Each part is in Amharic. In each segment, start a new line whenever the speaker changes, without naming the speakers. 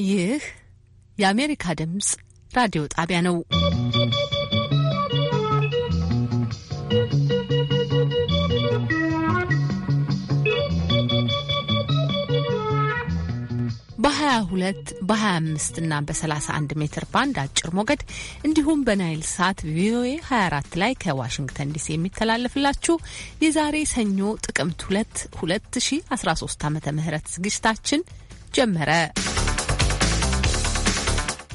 ይህ የአሜሪካ ድምፅ ራዲዮ ጣቢያ ነው። በ22 በ25 እና በ31 ሜትር ባንድ አጭር ሞገድ እንዲሁም በናይል ሳት ቪኦኤ 24 ላይ ከዋሽንግተን ዲሲ የሚተላለፍላችሁ የዛሬ ሰኞ ጥቅምት 2 2013 ዓ ም ዝግጅታችን ጀመረ።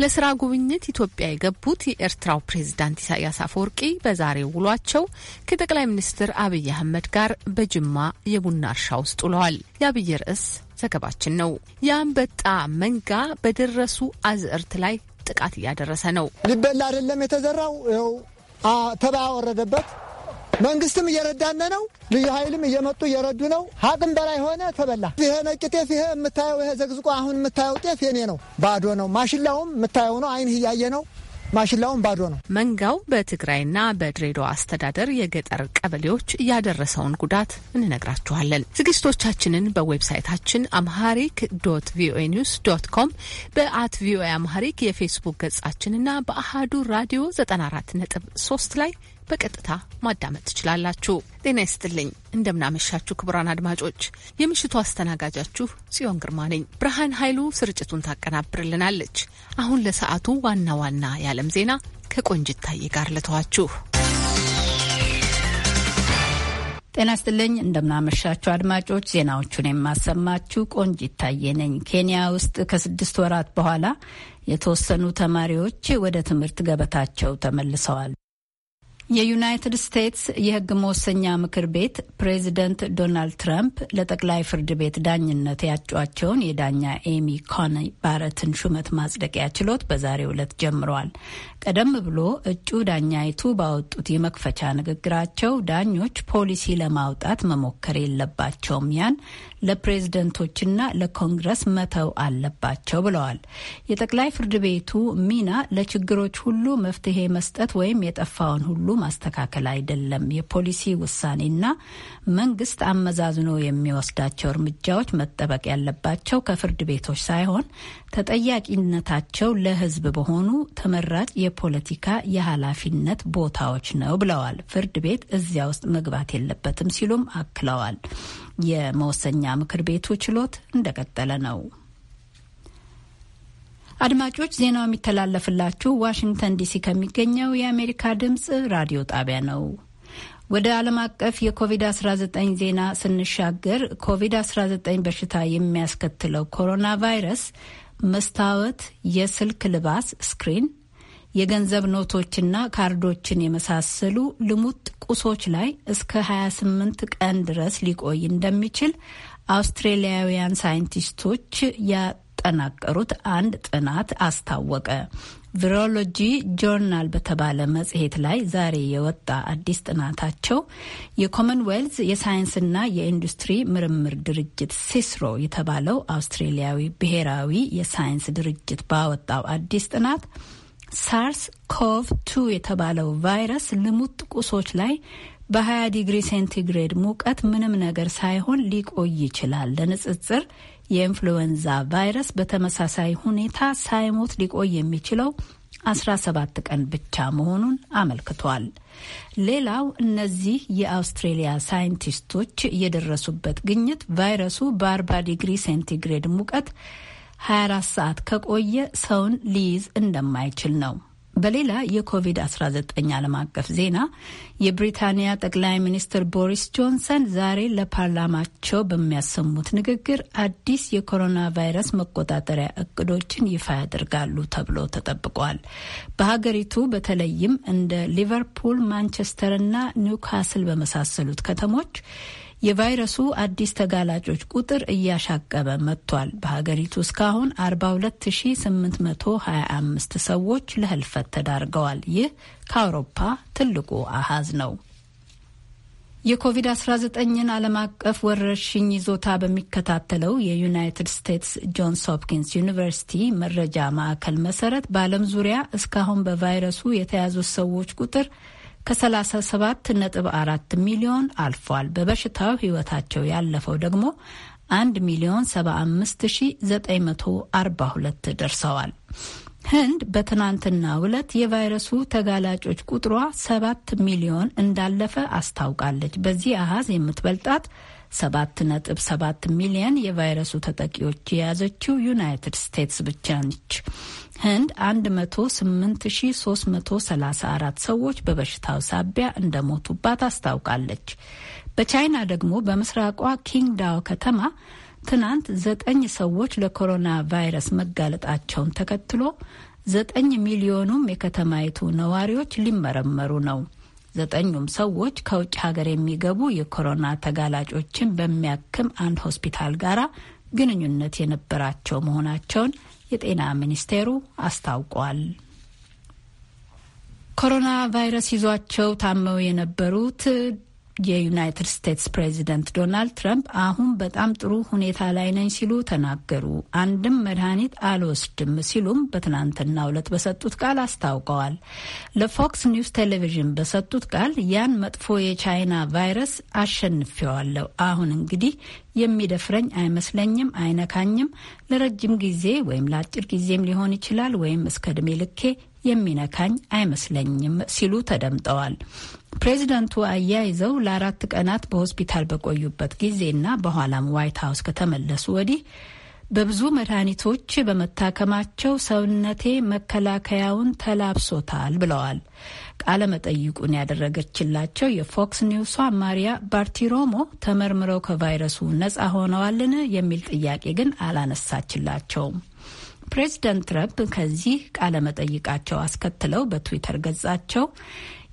ለስራ ጉብኝት ኢትዮጵያ የገቡት የኤርትራው ፕሬዝዳንት ኢሳያስ አፈወርቂ በዛሬው ውሏቸው ከጠቅላይ ሚኒስትር አብይ አህመድ ጋር በጅማ የቡና እርሻ ውስጥ ውለዋል። የአብይ ርዕስ ዘገባችን ነው። የአንበጣ መንጋ በደረሱ
አዝዕርት ላይ ጥቃት እያደረሰ ነው። ሊበላ አይደለም የተዘራው ተባ ወረደበት መንግስትም እየረዳነ ነው። ልዩ ኃይልም እየመጡ እየረዱ ነው። ሀቅም በላይ ሆነ፣ ተበላ። ይሄ ነጭ ጤፍ ይሄ የምታየው ይሄ ዘግዝቆ አሁን የምታየው ጤፍ የኔ ነው፣ ባዶ ነው። ማሽላውም የምታየው ነው፣ አይንህ እያየ ነው። ማሽላውን ባዶ ነው።
መንጋው በትግራይና በድሬዳዋ አስተዳደር የገጠር ቀበሌዎች ያደረሰውን ጉዳት እንነግራችኋለን። ዝግጅቶቻችንን በዌብሳይታችን አምሃሪክ ዶት ቪኦኤ ኒውስ ዶት ኮም በአት ቪኦኤ አምሃሪክ የፌስቡክ ገጻችንና በአሃዱ ራዲዮ 94.3 ላይ በቀጥታ ማዳመጥ ትችላላችሁ። ጤና ይስጥልኝ። እንደምናመሻችሁ ክቡራን አድማጮች፣ የምሽቱ አስተናጋጃችሁ ጽዮን ግርማ ነኝ። ብርሃን ኃይሉ ስርጭቱን ታቀናብርልናለች። አሁን ለሰዓቱ ዋና ዋና የዓለም ዜና ከቆንጅታዬ ጋር ልተዋችሁ።
ጤና ይስጥልኝ። እንደምናመሻችሁ አድማጮች፣ ዜናዎቹን የማሰማችሁ ቆንጅ ታዬ ነኝ። ኬንያ ውስጥ ከስድስት ወራት በኋላ የተወሰኑ ተማሪዎች ወደ ትምህርት ገበታቸው ተመልሰዋል። የዩናይትድ ስቴትስ የሕግ መወሰኛ ምክር ቤት ፕሬዚደንት ዶናልድ ትራምፕ ለጠቅላይ ፍርድ ቤት ዳኝነት ያጯቸውን የዳኛ ኤሚ ኮኒ ባረትን ሹመት ማጽደቂያ ችሎት በዛሬው ዕለት ጀምረዋል። ቀደም ብሎ እጩ ዳኛይቱ ባወጡት የመክፈቻ ንግግራቸው ዳኞች ፖሊሲ ለማውጣት መሞከር የለባቸውም፣ ያን ለፕሬዝደንቶችና ለኮንግረስ መተው አለባቸው ብለዋል። የጠቅላይ ፍርድ ቤቱ ሚና ለችግሮች ሁሉ መፍትሄ መስጠት ወይም የጠፋውን ሁሉ ማስተካከል አይደለም። የፖሊሲ ውሳኔና መንግስት አመዛዝኖ የሚወስዳቸው እርምጃዎች መጠበቅ ያለባቸው ከፍርድ ቤቶች ሳይሆን ተጠያቂነታቸው ለህዝብ በሆኑ ተመራጭ የፖለቲካ የኃላፊነት ቦታዎች ነው ብለዋል። ፍርድ ቤት እዚያ ውስጥ መግባት የለበትም ሲሉም አክለዋል። የመወሰኛ ምክር ቤቱ ችሎት እንደቀጠለ ነው። አድማጮች ዜናው የሚተላለፍላችሁ ዋሽንግተን ዲሲ ከሚገኘው የአሜሪካ ድምፅ ራዲዮ ጣቢያ ነው። ወደ ዓለም አቀፍ የኮቪድ-19 ዜና ስንሻገር ኮቪድ-19 በሽታ የሚያስከትለው ኮሮና ቫይረስ መስታወት፣ የስልክ ልባስ ስክሪን የገንዘብ ኖቶችና ካርዶችን የመሳሰሉ ልሙጥ ቁሶች ላይ እስከ 28 ቀን ድረስ ሊቆይ እንደሚችል አውስትሬሊያውያን ሳይንቲስቶች ያጠናቀሩት አንድ ጥናት አስታወቀ። ቪሮሎጂ ጆርናል በተባለ መጽሔት ላይ ዛሬ የወጣ አዲስ ጥናታቸው የኮመንዌልዝ የሳይንስና የኢንዱስትሪ ምርምር ድርጅት ሲስሮ የተባለው አውስትሬሊያዊ ብሔራዊ የሳይንስ ድርጅት ባወጣው አዲስ ጥናት ሳርስ ኮቭ ቱ የተባለው ቫይረስ ልሙጥ ቁሶች ላይ በ20 ዲግሪ ሴንቲግሬድ ሙቀት ምንም ነገር ሳይሆን ሊቆይ ይችላል። ለንጽጽር የኢንፍሉዌንዛ ቫይረስ በተመሳሳይ ሁኔታ ሳይሞት ሊቆይ የሚችለው 17 ቀን ብቻ መሆኑን አመልክቷል። ሌላው እነዚህ የአውስትሬሊያ ሳይንቲስቶች የደረሱበት ግኝት ቫይረሱ በ40 ዲግሪ ሴንቲግሬድ ሙቀት 24 ሰዓት ከቆየ ሰውን ሊይዝ እንደማይችል ነው። በሌላ የኮቪድ-19 ዓለም አቀፍ ዜና የብሪታንያ ጠቅላይ ሚኒስትር ቦሪስ ጆንሰን ዛሬ ለፓርላማቸው በሚያሰሙት ንግግር አዲስ የኮሮና ቫይረስ መቆጣጠሪያ እቅዶችን ይፋ ያደርጋሉ ተብሎ ተጠብቋል። በሀገሪቱ በተለይም እንደ ሊቨርፑል፣ ማንቸስተር እና ኒውካስል በመሳሰሉት ከተሞች የቫይረሱ አዲስ ተጋላጮች ቁጥር እያሻቀበ መጥቷል። በሀገሪቱ እስካሁን 42825 ሰዎች ለህልፈት ተዳርገዋል። ይህ ከአውሮፓ ትልቁ አሃዝ ነው። የኮቪድ-19ን ዓለም አቀፍ ወረርሽኝ ይዞታ በሚከታተለው የዩናይትድ ስቴትስ ጆንስ ሆፕኪንስ ዩኒቨርሲቲ መረጃ ማዕከል መሰረት በዓለም ዙሪያ እስካሁን በቫይረሱ የተያዙት ሰዎች ቁጥር ከ37 ነጥብ 4 ሚሊዮን አልፏል። በበሽታው ህይወታቸው ያለፈው ደግሞ 1 ሚሊዮን 75942 ደርሰዋል። ህንድ በትናንትና ዕለት የቫይረሱ ተጋላጮች ቁጥሯ ሰባት ሚሊዮን እንዳለፈ አስታውቃለች። በዚህ አሃዝ የምትበልጣት ሰባት ነጥብ ሰባት ሚሊየን የቫይረሱ ተጠቂዎች የያዘችው ዩናይትድ ስቴትስ ብቻ ነች። ህንድ 18334 ሰዎች በበሽታው ሳቢያ እንደሞቱባት አስታውቃለች። በቻይና ደግሞ በምስራቋ ኪንግዳው ከተማ ትናንት ዘጠኝ ሰዎች ለኮሮና ቫይረስ መጋለጣቸውን ተከትሎ ዘጠኝ ሚሊዮኑም የከተማይቱ ነዋሪዎች ሊመረመሩ ነው። ዘጠኙም ሰዎች ከውጭ ሀገር የሚገቡ የኮሮና ተጋላጮችን በሚያክም አንድ ሆስፒታል ጋር ግንኙነት የነበራቸው መሆናቸውን የጤና ሚኒስቴሩ አስታውቋል። ኮሮና ቫይረስ ይዟቸው ታመው የነበሩት የዩናይትድ ስቴትስ ፕሬዚደንት ዶናልድ ትራምፕ አሁን በጣም ጥሩ ሁኔታ ላይ ነኝ ሲሉ ተናገሩ። አንድም መድኃኒት አልወስድም ሲሉም በትናንትናው ዕለት በሰጡት ቃል አስታውቀዋል። ለፎክስ ኒውስ ቴሌቪዥን በሰጡት ቃል ያን መጥፎ የቻይና ቫይረስ አሸንፌዋለሁ። አሁን እንግዲህ የሚደፍረኝ አይመስለኝም፣ አይነካኝም። ለረጅም ጊዜ ወይም ለአጭር ጊዜም ሊሆን ይችላል ወይም እስከ እድሜ ልኬ የሚነካኝ አይመስለኝም ሲሉ ተደምጠዋል። ፕሬዚደንቱ አያይዘው ለአራት ቀናት በሆስፒታል በቆዩበት ጊዜና በኋላም ዋይት ሀውስ ከተመለሱ ወዲህ በብዙ መድኃኒቶች በመታከማቸው ሰውነቴ መከላከያውን ተላብሶታል ብለዋል። ቃለ መጠይቁን ያደረገችላቸው የፎክስ ኒውሷ ማሪያ ባርቲሮሞ ተመርምረው ከቫይረሱ ነጻ ሆነዋልን የሚል ጥያቄ ግን አላነሳችላቸውም። ፕሬዚደንት ትረምፕ ከዚህ ቃለ መጠይቃቸው አስከትለው በትዊተር ገጻቸው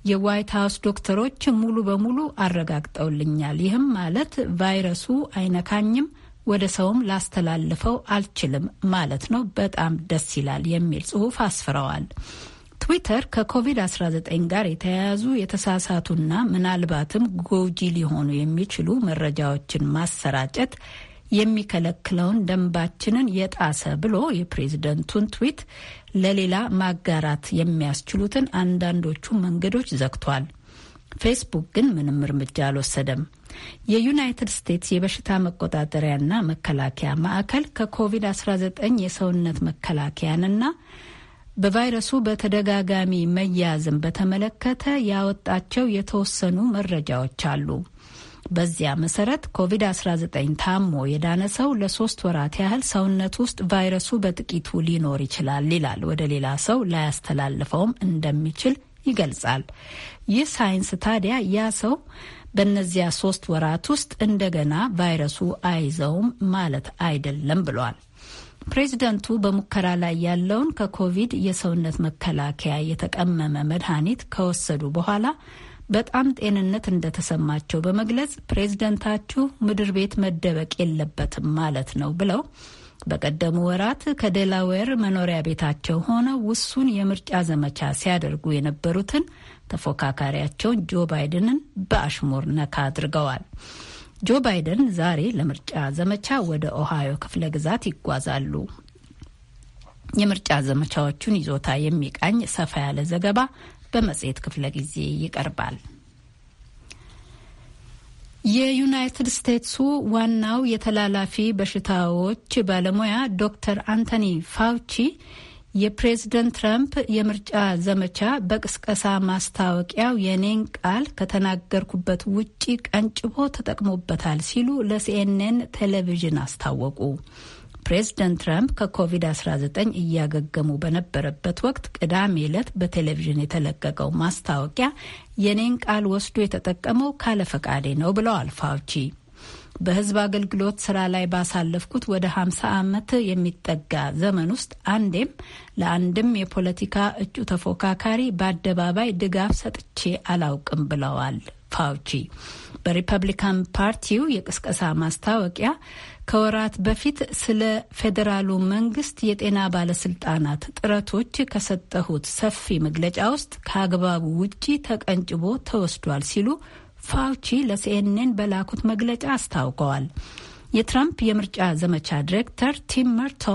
የዋይት ሀውስ ዶክተሮች ሙሉ በሙሉ አረጋግጠውልኛል። ይህም ማለት ቫይረሱ አይነካኝም፣ ወደ ሰውም ላስተላልፈው አልችልም ማለት ነው። በጣም ደስ ይላል የሚል ጽሑፍ አስፍረዋል። ትዊተር ከኮቪድ-19 ጋር የተያያዙ የተሳሳቱና ምናልባትም ጎጂ ሊሆኑ የሚችሉ መረጃዎችን ማሰራጨት የሚከለክለውን ደንባችንን የጣሰ ብሎ የፕሬዝደንቱን ትዊት ለሌላ ማጋራት የሚያስችሉትን አንዳንዶቹ መንገዶች ዘግቷል። ፌስቡክ ግን ምንም እርምጃ አልወሰደም። የዩናይትድ ስቴትስ የበሽታ መቆጣጠሪያና መከላከያ ማዕከል ከኮቪድ-19 የሰውነት መከላከያንና በቫይረሱ በተደጋጋሚ መያዝን በተመለከተ ያወጣቸው የተወሰኑ መረጃዎች አሉ። በዚያ መሰረት ኮቪድ-19 ታሞ የዳነ ሰው ለሶስት ወራት ያህል ሰውነት ውስጥ ቫይረሱ በጥቂቱ ሊኖር ይችላል ይላል። ወደ ሌላ ሰው ላያስተላልፈውም እንደሚችል ይገልጻል። ይህ ሳይንስ ታዲያ ያ ሰው በእነዚያ ሶስት ወራት ውስጥ እንደገና ቫይረሱ አይዘውም ማለት አይደለም ብሏል። ፕሬዚደንቱ በሙከራ ላይ ያለውን ከኮቪድ የሰውነት መከላከያ የተቀመመ መድኃኒት ከወሰዱ በኋላ በጣም ጤንነት እንደተሰማቸው በመግለጽ ፕሬዝደንታችሁ ምድር ቤት መደበቅ የለበትም ማለት ነው ብለው በቀደሙ ወራት ከዴላዌር መኖሪያ ቤታቸው ሆነው ውሱን የምርጫ ዘመቻ ሲያደርጉ የነበሩትን ተፎካካሪያቸውን ጆ ባይደንን በአሽሙር ነካ አድርገዋል። ጆ ባይደን ዛሬ ለምርጫ ዘመቻ ወደ ኦሃዮ ክፍለ ግዛት ይጓዛሉ። የምርጫ ዘመቻዎቹን ይዞታ የሚቃኝ ሰፋ ያለ ዘገባ በመጽሔት ክፍለ ጊዜ ይቀርባል። የዩናይትድ ስቴትሱ ዋናው የተላላፊ በሽታዎች ባለሙያ ዶክተር አንቶኒ ፋውቺ የፕሬዝደንት ትራምፕ የምርጫ ዘመቻ በቅስቀሳ ማስታወቂያው የኔን ቃል ከተናገርኩበት ውጪ ቀንጭቦ ተጠቅሞበታል ሲሉ ለሲኤንኤን ቴሌቪዥን አስታወቁ። ፕሬዝደንት ትራምፕ ከኮቪድ-19 እያገገሙ በነበረበት ወቅት ቅዳሜ ዕለት በቴሌቪዥን የተለቀቀው ማስታወቂያ የኔን ቃል ወስዶ የተጠቀመው ካለፈቃዴ ነው ብለዋል ፋውቺ። በህዝብ አገልግሎት ስራ ላይ ባሳለፍኩት ወደ 50 ዓመት የሚጠጋ ዘመን ውስጥ አንዴም ለአንድም የፖለቲካ እጩ ተፎካካሪ በአደባባይ ድጋፍ ሰጥቼ አላውቅም ብለዋል ፋውቺ። በሪፐብሊካን ፓርቲው የቅስቀሳ ማስታወቂያ ከወራት በፊት ስለ ፌዴራሉ መንግስት የጤና ባለስልጣናት ጥረቶች ከሰጠሁት ሰፊ መግለጫ ውስጥ ከአግባቡ ውጪ ተቀንጭቦ ተወስዷል ሲሉ ፋውቺ ለሲኤንኤን በላኩት መግለጫ አስታውቀዋል። የትራምፕ የምርጫ ዘመቻ ዲሬክተር ቲም መርቶ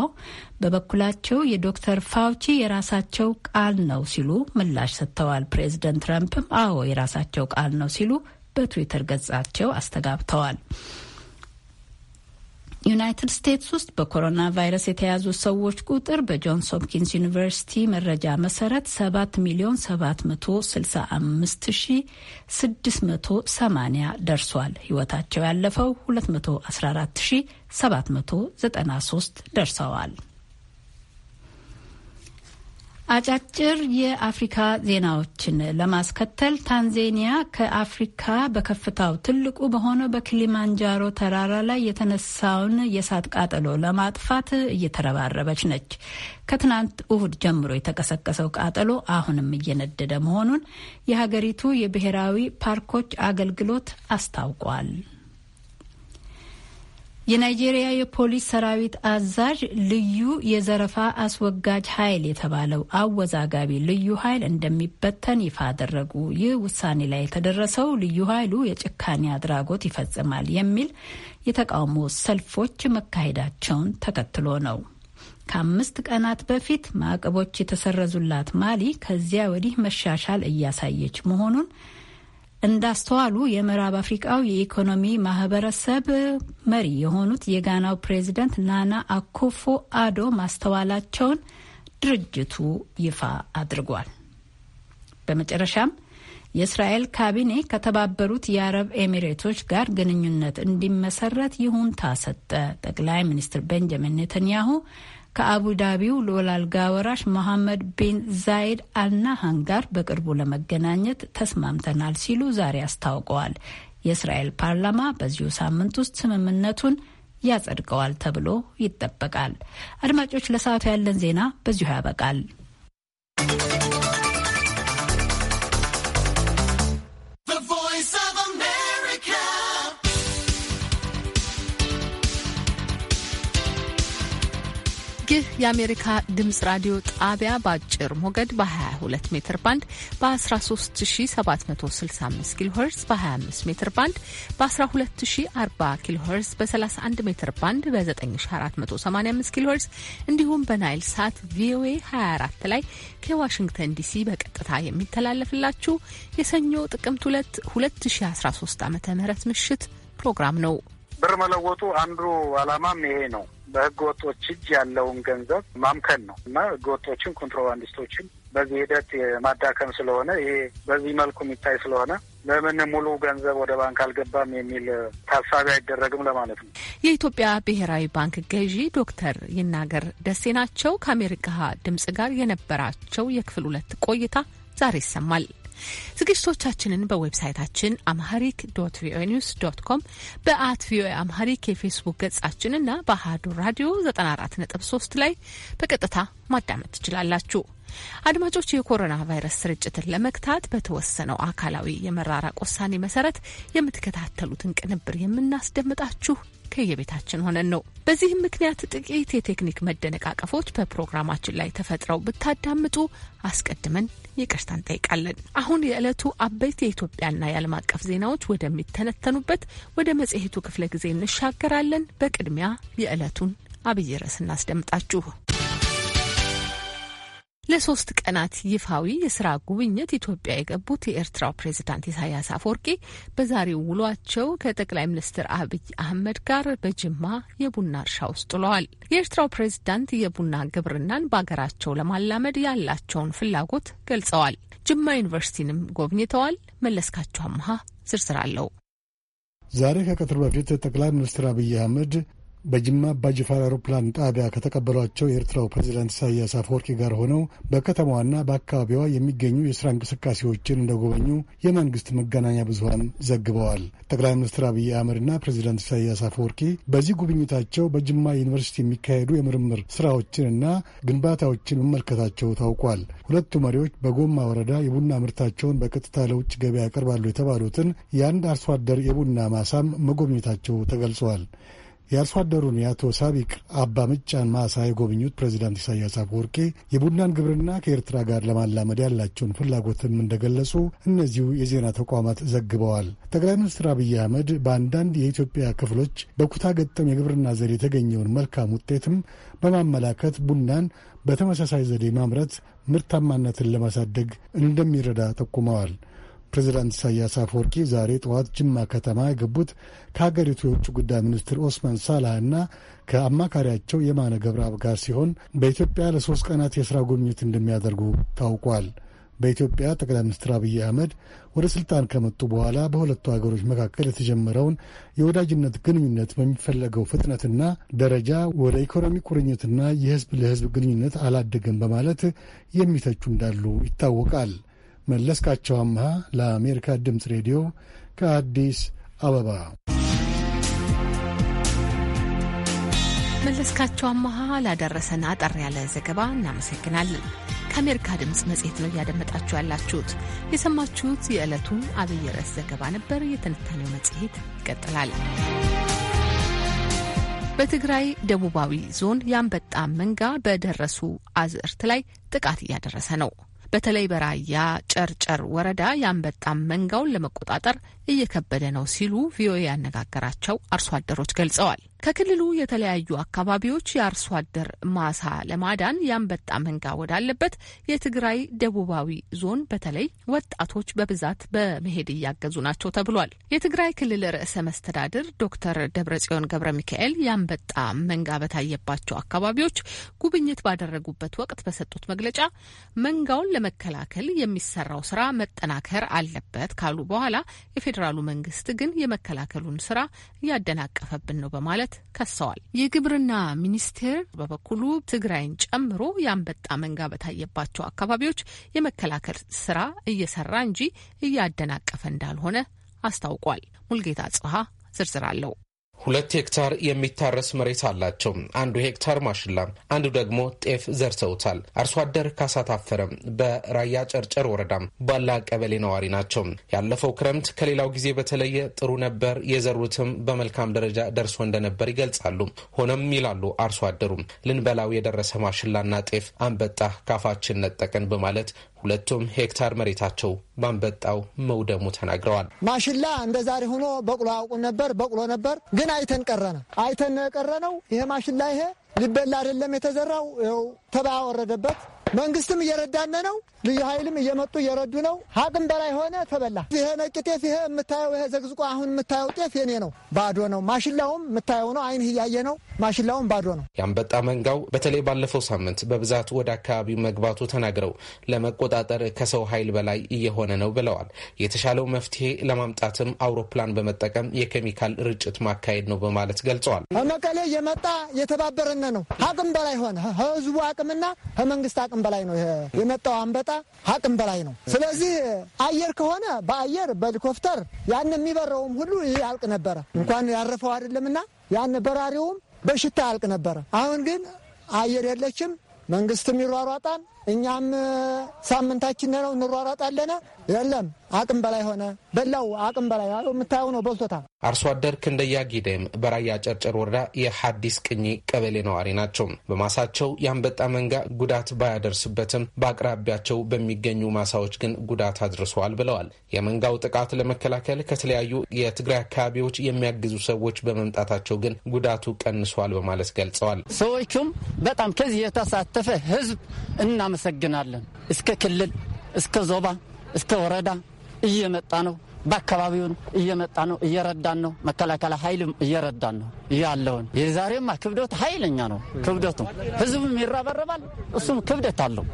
በበኩላቸው የዶክተር ፋውቺ የራሳቸው ቃል ነው ሲሉ ምላሽ ሰጥተዋል። ፕሬዝደንት ትራምፕም አዎ የራሳቸው ቃል ነው ሲሉ በትዊተር ገጻቸው አስተጋብተዋል። ዩናይትድ ስቴትስ ውስጥ በኮሮና ቫይረስ የተያዙ ሰዎች ቁጥር በጆንስ ሆፕኪንስ ዩኒቨርሲቲ መረጃ መሰረት 7 ሚሊዮን 765 ሺ 680 ደርሷል። ህይወታቸው ያለፈው 214 ሺ 793 ደርሰዋል። አጫጭር የአፍሪካ ዜናዎችን ለማስከተል ታንዜኒያ ከአፍሪካ በከፍታው ትልቁ በሆነው በኪሊማንጃሮ ተራራ ላይ የተነሳውን የእሳት ቃጠሎ ለማጥፋት እየተረባረበች ነች። ከትናንት እሁድ ጀምሮ የተቀሰቀሰው ቃጠሎ አሁንም እየነደደ መሆኑን የሀገሪቱ የብሔራዊ ፓርኮች አገልግሎት አስታውቋል። የናይጄሪያ የፖሊስ ሰራዊት አዛዥ ልዩ የዘረፋ አስወጋጅ ኃይል የተባለው አወዛጋቢ ልዩ ኃይል እንደሚበተን ይፋ አደረጉ። ይህ ውሳኔ ላይ የተደረሰው ልዩ ኃይሉ የጭካኔ አድራጎት ይፈጽማል የሚል የተቃውሞ ሰልፎች መካሄዳቸውን ተከትሎ ነው። ከአምስት ቀናት በፊት ማዕቀቦች የተሰረዙላት ማሊ ከዚያ ወዲህ መሻሻል እያሳየች መሆኑን እንዳስተዋሉ የምዕራብ አፍሪቃው የኢኮኖሚ ማህበረሰብ መሪ የሆኑት የጋናው ፕሬዚደንት ናና አኮፎ አዶ ማስተዋላቸውን ድርጅቱ ይፋ አድርጓል። በመጨረሻም የእስራኤል ካቢኔ ከተባበሩት የአረብ ኤሚሬቶች ጋር ግንኙነት እንዲመሰረት ይሁንታ ሰጠ። ጠቅላይ ሚኒስትር ቤንጃሚን ኔተንያሁ ከአቡዳቢው ልዑል አልጋ ወራሽ መሐመድ ቢን ዛይድ አልናሃን ጋር በቅርቡ ለመገናኘት ተስማምተናል ሲሉ ዛሬ አስታውቀዋል። የእስራኤል ፓርላማ በዚሁ ሳምንት ውስጥ ስምምነቱን ያጸድቀዋል ተብሎ ይጠበቃል። አድማጮች፣ ለሰዓቱ ያለን ዜና በዚሁ ያበቃል።
ይህ የአሜሪካ ድምጽ ራዲዮ ጣቢያ በአጭር ሞገድ በ22 ሜትር ባንድ በ13765 ኪሎ ሄርዝ በ25 ሜትር ባንድ በ1240 ኪሎ ሄርዝ በ31 ሜትር ባንድ በ9485 ኪሎ ሄርዝ እንዲሁም በናይል ሳት ቪኦኤ 24 ላይ ከዋሽንግተን ዲሲ በቀጥታ የሚተላለፍላችሁ የሰኞ ጥቅምት 2 2013 ዓ ም ምሽት ፕሮግራም ነው።
ብር መለወጡ አንዱ አላማም ይሄ ነው። በህገ ወጦች እጅ ያለውን ገንዘብ ማምከን ነው እና ህገ ወጦችን ኮንትሮባንዲስቶችን በዚህ ሂደት ማዳከም ስለሆነ ይሄ በዚህ መልኩ የሚታይ ስለሆነ ለምን ሙሉ ገንዘብ ወደ ባንክ አልገባም የሚል ታሳቢ አይደረግም ለማለት ነው።
የኢትዮጵያ ብሔራዊ ባንክ ገዢ ዶክተር ይናገር ደሴ ናቸው። ከአሜሪካ ድምጽ ጋር የነበራቸው የክፍል ሁለት ቆይታ ዛሬ ይሰማል። ዝግጅቶቻችንን በዌብሳይታችን አምሃሪክ ዶት ቪኦኤ ኒውስ ዶት ኮም በአት ቪኦኤ አምሃሪክ የፌስቡክ ገጻችንና በአህዱ ራዲዮ 94.3 ላይ በቀጥታ ማዳመጥ ትችላላችሁ። አድማጮች የኮሮና ቫይረስ ስርጭትን ለመግታት በተወሰነው አካላዊ የመራራቅ ውሳኔ መሰረት የምትከታተሉትን ቅንብር የምናስደምጣችሁ ከየቤታችን ሆነን ነው። በዚህም ምክንያት ጥቂት የቴክኒክ መደነቃቀፎች በፕሮግራማችን ላይ ተፈጥረው ብታዳምጡ አስቀድመን ይቅርታ እንጠይቃለን። አሁን የዕለቱ አበይት የኢትዮጵያና የዓለም አቀፍ ዜናዎች ወደሚተነተኑበት ወደ መጽሔቱ ክፍለ ጊዜ እንሻገራለን። በቅድሚያ የዕለቱን አብይ ርዕስ እናስደምጣችሁ። ለሶስት ቀናት ይፋዊ የስራ ጉብኝት ኢትዮጵያ የገቡት የኤርትራው ፕሬዚዳንት ኢሳያስ አፈወርቂ በዛሬው ውሏቸው ከጠቅላይ ሚኒስትር አብይ አህመድ ጋር በጅማ የቡና እርሻ ውስጥ ውለዋል። የኤርትራው ፕሬዚዳንት የቡና ግብርናን በሀገራቸው ለማላመድ ያላቸውን ፍላጎት ገልጸዋል። ጅማ ዩኒቨርሲቲንም ጎብኝተዋል። መለስካቸው አምሃ ዝርዝር አለው።
ዛሬ ከቀትር በፊት ጠቅላይ ሚኒስትር አብይ አህመድ በጅማ አባጅፋር አውሮፕላን ጣቢያ ከተቀበሏቸው የኤርትራው ፕሬዚዳንት ኢሳያስ አፈወርቂ ጋር ሆነው በከተማዋና በአካባቢዋ የሚገኙ የሥራ እንቅስቃሴዎችን እንደጎበኙ የመንግሥት መገናኛ ብዙሃን ዘግበዋል። ጠቅላይ ሚኒስትር አብይ አህመድና ፕሬዚዳንት ኢሳያስ አፈወርቂ በዚህ ጉብኝታቸው በጅማ ዩኒቨርሲቲ የሚካሄዱ የምርምር ሥራዎችንና ግንባታዎችን መመልከታቸው ታውቋል። ሁለቱ መሪዎች በጎማ ወረዳ የቡና ምርታቸውን በቀጥታ ለውጭ ገበያ ያቀርባሉ የተባሉትን የአንድ አርሶ አደር የቡና ማሳም መጎብኘታቸው ተገልጿል። የአርሶ አደሩን የአቶ ሳቢቅ አባ ምጫን ማሳ የጎበኙት ፕሬዚዳንት ኢሳያስ አፈወርቄ የቡናን ግብርና ከኤርትራ ጋር ለማላመድ ያላቸውን ፍላጎትም እንደገለጹ እነዚሁ የዜና ተቋማት ዘግበዋል። ጠቅላይ ሚኒስትር አብይ አህመድ በአንዳንድ የኢትዮጵያ ክፍሎች በኩታ ገጠም የግብርና ዘዴ የተገኘውን መልካም ውጤትም በማመላከት ቡናን በተመሳሳይ ዘዴ ማምረት ምርታማነትን ለማሳደግ እንደሚረዳ ጠቁመዋል። ፕሬዚዳንት ኢሳያስ አፈወርቂ ዛሬ ጠዋት ጅማ ከተማ የገቡት ከሀገሪቱ የውጭ ጉዳይ ሚኒስትር ኦስማን ሳላህ እና ከአማካሪያቸው የማነ ገብረአብ ጋር ሲሆን በኢትዮጵያ ለሶስት ቀናት የሥራ ጉብኝት እንደሚያደርጉ ታውቋል። በኢትዮጵያ ጠቅላይ ሚኒስትር አብይ አህመድ ወደ ስልጣን ከመጡ በኋላ በሁለቱ ሀገሮች መካከል የተጀመረውን የወዳጅነት ግንኙነት በሚፈለገው ፍጥነትና ደረጃ ወደ ኢኮኖሚ ቁርኝትና የህዝብ ለህዝብ ግንኙነት አላደገም በማለት የሚተቹ እንዳሉ ይታወቃል። መለስካቸው አምሃ ለአሜሪካ ድምፅ ሬዲዮ ከአዲስ አበባ።
መለስካቸው አምሃ ላደረሰን አጠር ያለ ዘገባ እናመሰግናለን። ከአሜሪካ ድምፅ መጽሔት ነው እያደመጣችሁ ያላችሁት። የሰማችሁት የዕለቱን አብይ ርዕስ ዘገባ ነበር። የትንታኔው መጽሔት ይቀጥላል። በትግራይ ደቡባዊ ዞን የአንበጣ መንጋ በደረሱ አዝዕርት ላይ ጥቃት እያደረሰ ነው። በተለይ በራያ ጨርጨር ወረዳ የአንበጣም መንጋውን ለመቆጣጠር እየከበደ ነው ሲሉ ቪኦኤ ያነጋገራቸው አርሶ አደሮች ገልጸዋል። ከክልሉ የተለያዩ አካባቢዎች የአርሶ አደር ማሳ ለማዳን የአንበጣ መንጋ ወዳለበት የትግራይ ደቡባዊ ዞን በተለይ ወጣቶች በብዛት በመሄድ እያገዙ ናቸው ተብሏል። የትግራይ ክልል ርዕሰ መስተዳድር ዶክተር ደብረጽዮን ገብረ ሚካኤል የአንበጣ መንጋ በታየባቸው አካባቢዎች ጉብኝት ባደረጉበት ወቅት በሰጡት መግለጫ መንጋውን ለመከላከል የሚሰራው ስራ መጠናከር አለበት ካሉ በኋላ የፌዴ የፌዴራሉ መንግስት ግን የመከላከሉን ስራ እያደናቀፈብን ነው በማለት ከሰዋል። የግብርና ሚኒስቴር በበኩሉ ትግራይን ጨምሮ የአንበጣ መንጋ በታየባቸው አካባቢዎች የመከላከል ስራ እየሰራ እንጂ እያደናቀፈ እንዳልሆነ አስታውቋል። ሙልጌታ ጽሀ ዝርዝር አለው።
ሁለት ሄክታር የሚታረስ መሬት አላቸው። አንዱ ሄክታር ማሽላ፣ አንዱ ደግሞ ጤፍ ዘርሰውታል። አርሶ አደር ካሳ ታፈረ በራያ ጨርጨር ወረዳም ባላ ቀበሌ ነዋሪ ናቸው። ያለፈው ክረምት ከሌላው ጊዜ በተለየ ጥሩ ነበር፣ የዘሩትም በመልካም ደረጃ ደርሶ እንደነበር ይገልጻሉ። ሆነም ይላሉ አርሶ አደሩም ልንበላው የደረሰ ማሽላና ጤፍ አንበጣ ካፋችን ነጠቀን በማለት ሁለቱም ሄክታር መሬታቸው ባንበጣው መውደሙ ተናግረዋል።
ማሽላ እንደ ዛሬ ሆኖ በቅሎ አውቁ ነበር በቅሎ ነበር ግን አይተን ቀረነ አይተን ነው ይሄ ማሽላ ይሄ ሊበላ አይደለም የተዘራው ው ተባ ወረደበት መንግስትም እየረዳነ ነው። ልዩ ኃይልም እየመጡ እየረዱ ነው። አቅም በላይ ሆነ፣ ተበላ። ይሄ ነጭ ጤፍ ይሄ የምታየው ይሄ ዘግዝቆ አሁን የምታየው ጤፍ የኔ ነው፣ ባዶ ነው። ማሽላውም የምታየው ነው፣ አይንህ እያየ ነው። ማሽላውም ባዶ ነው።
የአንበጣ መንጋው በተለይ ባለፈው ሳምንት በብዛት ወደ አካባቢው መግባቱ ተናግረው ለመቆጣጠር ከሰው ኃይል በላይ እየሆነ ነው ብለዋል። የተሻለው መፍትሄ ለማምጣትም አውሮፕላን በመጠቀም የኬሚካል ርጭት ማካሄድ ነው በማለት ገልጸዋል።
መቀሌ የመጣ የተባበረነ ነው። አቅም በላይ ሆነ። ህዝቡ አቅምና መንግስት አቅም ከአቅም በላይ ነው። የመጣው አንበጣ አቅም በላይ ነው። ስለዚህ አየር ከሆነ በአየር በሄሊኮፕተር ያን የሚበረውም ሁሉ ይህ ያልቅ ነበረ። እንኳን ያረፈው አይደለምና ያን በራሪውም በሽታ ያልቅ ነበረ። አሁን ግን አየር የለችም። መንግስትም ይሯሯጣል፣ እኛም ሳምንታችን ነው እንሯሯጣለነ። የለም አቅም በላይ ሆነ በላው አቅም በላይ የምታየው ነው በልቶታል።
አርሶ አደር ክንደያ ጊደም በራያ ጨርጨር ወረዳ የሐዲስ ቅኝ ቀበሌ ነዋሪ ናቸው። በማሳቸው የአንበጣ መንጋ ጉዳት ባያደርስበትም በአቅራቢያቸው በሚገኙ ማሳዎች ግን ጉዳት አድርሰዋል ብለዋል። የመንጋው ጥቃት ለመከላከል ከተለያዩ የትግራይ አካባቢዎች የሚያግዙ ሰዎች በመምጣታቸው ግን ጉዳቱ ቀንሷል በማለት ገልጸዋል።
ሰዎቹም በጣም ከዚህ የተሳተፈ ህዝብ እናመሰግናለን። እስከ ክልል እስከ ዞባ እስከ ወረዳ እየመጣ ነው። በአካባቢውን እየመጣ ነው፣ እየረዳን ነው። መከላከያ ኃይልም እየረዳን ነው። ያለውን የዛሬማ ክብደት ኃይለኛ ነው። ክብደቱ ህዝቡም ይራበረባል። እሱም ክብደት አለው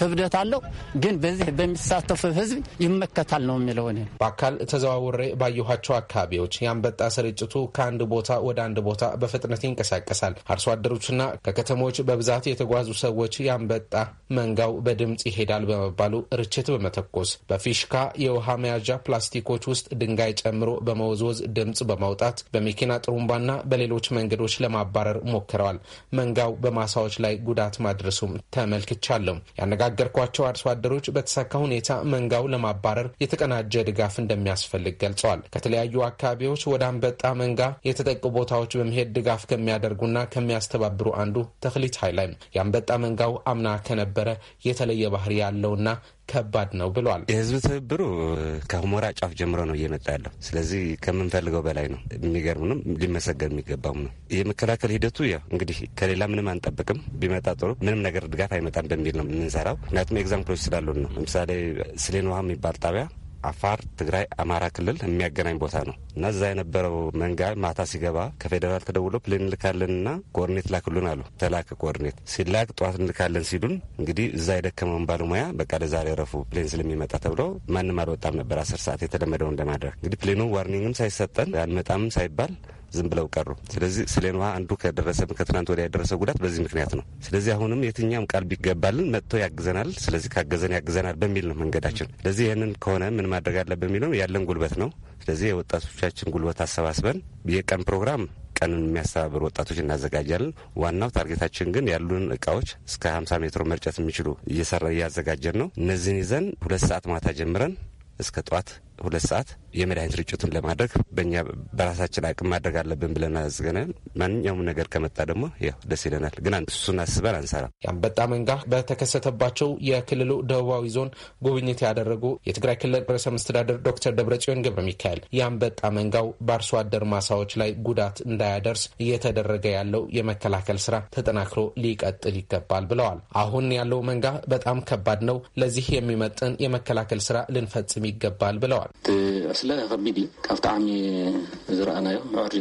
ክብደት አለው። ግን በዚህ በሚሳተፉ ህዝብ ይመከታል ነው የሚለው። እኔ
በአካል ተዘዋውሬ ባየኋቸው አካባቢዎች የአንበጣ ስርጭቱ ከአንድ ቦታ ወደ አንድ ቦታ በፍጥነት ይንቀሳቀሳል። አርሶ አደሮችና ከከተሞች በብዛት የተጓዙ ሰዎች የአንበጣ መንጋው በድምፅ ይሄዳል በመባሉ ርችት በመተኮስ በፊሽካ የውሃ መያዣ ፕላስቲኮች ውስጥ ድንጋይ ጨምሮ በመወዝወዝ ድምፅ በማውጣት በመኪና ጥሩምባና በሌሎች መንገዶች ለማባረር ሞክረዋል። መንጋው በማሳዎች ላይ ጉዳት ማድረሱም ተመልክቻለሁ። ያነጋገርኳቸው አርሶ አደሮች በተሳካ ሁኔታ መንጋው ለማባረር የተቀናጀ ድጋፍ እንደሚያስፈልግ ገልጸዋል። ከተለያዩ አካባቢዎች ወደ አንበጣ መንጋ የተጠቁ ቦታዎች በመሄድ ድጋፍ ከሚያደርጉና ከሚያስተባብሩ አንዱ ተክሊት ኃይላይ የአንበጣ መንጋው አምና ከነበረ የተለየ ባህሪ ያለውና ከባድ ነው ብሏል።
የህዝብ ትብብሩ ከሁመራ ጫፍ ጀምሮ ነው እየመጣ ያለው። ስለዚህ ከምንፈልገው በላይ ነው። የሚገርምንም ሊመሰገን የሚገባውም ነው። የመከላከል ሂደቱ ያው እንግዲህ ከሌላ ምንም አንጠብቅም። ቢመጣ ጥሩ ምንም ነገር ድጋፍ አይመጣም በሚል ነው የምንሰራው። ምክንያቱም ኤግዛምፕሎች ስላሉን ነው። ለምሳሌ ስሌን ውሃ የሚባል ጣቢያ አፋር፣ ትግራይ፣ አማራ ክልል የሚያገናኝ ቦታ ነው እና እዛ የነበረው መንጋ ማታ ሲገባ ከፌዴራል ተደውሎ ፕሌን እንልካለንና ኮርኔት ላክሉን አሉ። ተላክ ኮርኔት ሲላክ ጠዋት እንልካለን ሲሉን እንግዲህ እዛ የደከመውን ባለሙያ በቃ ለዛሬ ረፉ ፕሌን ስለሚመጣ ተብሎ ማንም አልወጣም ነበር። አስር ሰዓት የተለመደውን ለማድረግ እንግዲህ ፕሌኑ ዋርኒንግም ሳይሰጠን አልመጣምም ሳይባል ዝም ብለው ቀሩ። ስለዚህ ስሌን ውሃ አንዱ ከደረሰ ከትናንት ወዲያ የደረሰ ጉዳት በዚህ ምክንያት ነው። ስለዚህ አሁንም የትኛውም ቃል ቢገባልን መጥቶ ያግዘናል። ስለዚህ ካገዘን ያግዘናል በሚል ነው መንገዳችን። ስለዚህ ይህንን ከሆነ ምን ማድረግ አለብን የሚለው ያለን ጉልበት ነው። ስለዚህ የወጣቶቻችን ጉልበት አሰባስበን የቀን ፕሮግራም ቀንን የሚያስተባብሩ ወጣቶች እናዘጋጃለን። ዋናው ታርጌታችን ግን ያሉን እቃዎች እስከ 50 ሜትሮ መርጨት የሚችሉ እየሰራ እያዘጋጀን ነው። እነዚህን ይዘን ሁለት ሰዓት ማታ ጀምረን እስከ ጠዋት ሁለት ሰዓት የመድኃኒት ርጭቱን ለማድረግ በእኛ በራሳችን አቅም ማድረግ አለብን ብለን አዝገናል። ማንኛውም ነገር ከመጣ ደግሞ ያው ደስ ይለናል፣ ግን እሱን አስበን አንሰራም።
የአንበጣ መንጋ በተከሰተባቸው የክልሉ ደቡባዊ ዞን ጉብኝት ያደረጉ የትግራይ ክልል ርዕሰ መስተዳደር ዶክተር ደብረጽዮን ገብረ ሚካኤል የአንበጣ መንጋው በአርሶ አደር ማሳዎች ላይ ጉዳት እንዳያደርስ እየተደረገ ያለው የመከላከል ስራ ተጠናክሮ ሊቀጥል ይገባል ብለዋል። አሁን ያለው መንጋ በጣም ከባድ ነው። ለዚህ የሚመጥን የመከላከል ስራ ልንፈጽም ይገባል ብለዋል።
እስለ ከቢድ እዩ ካብ ጣዕሚ ዝረአናዮ ዕር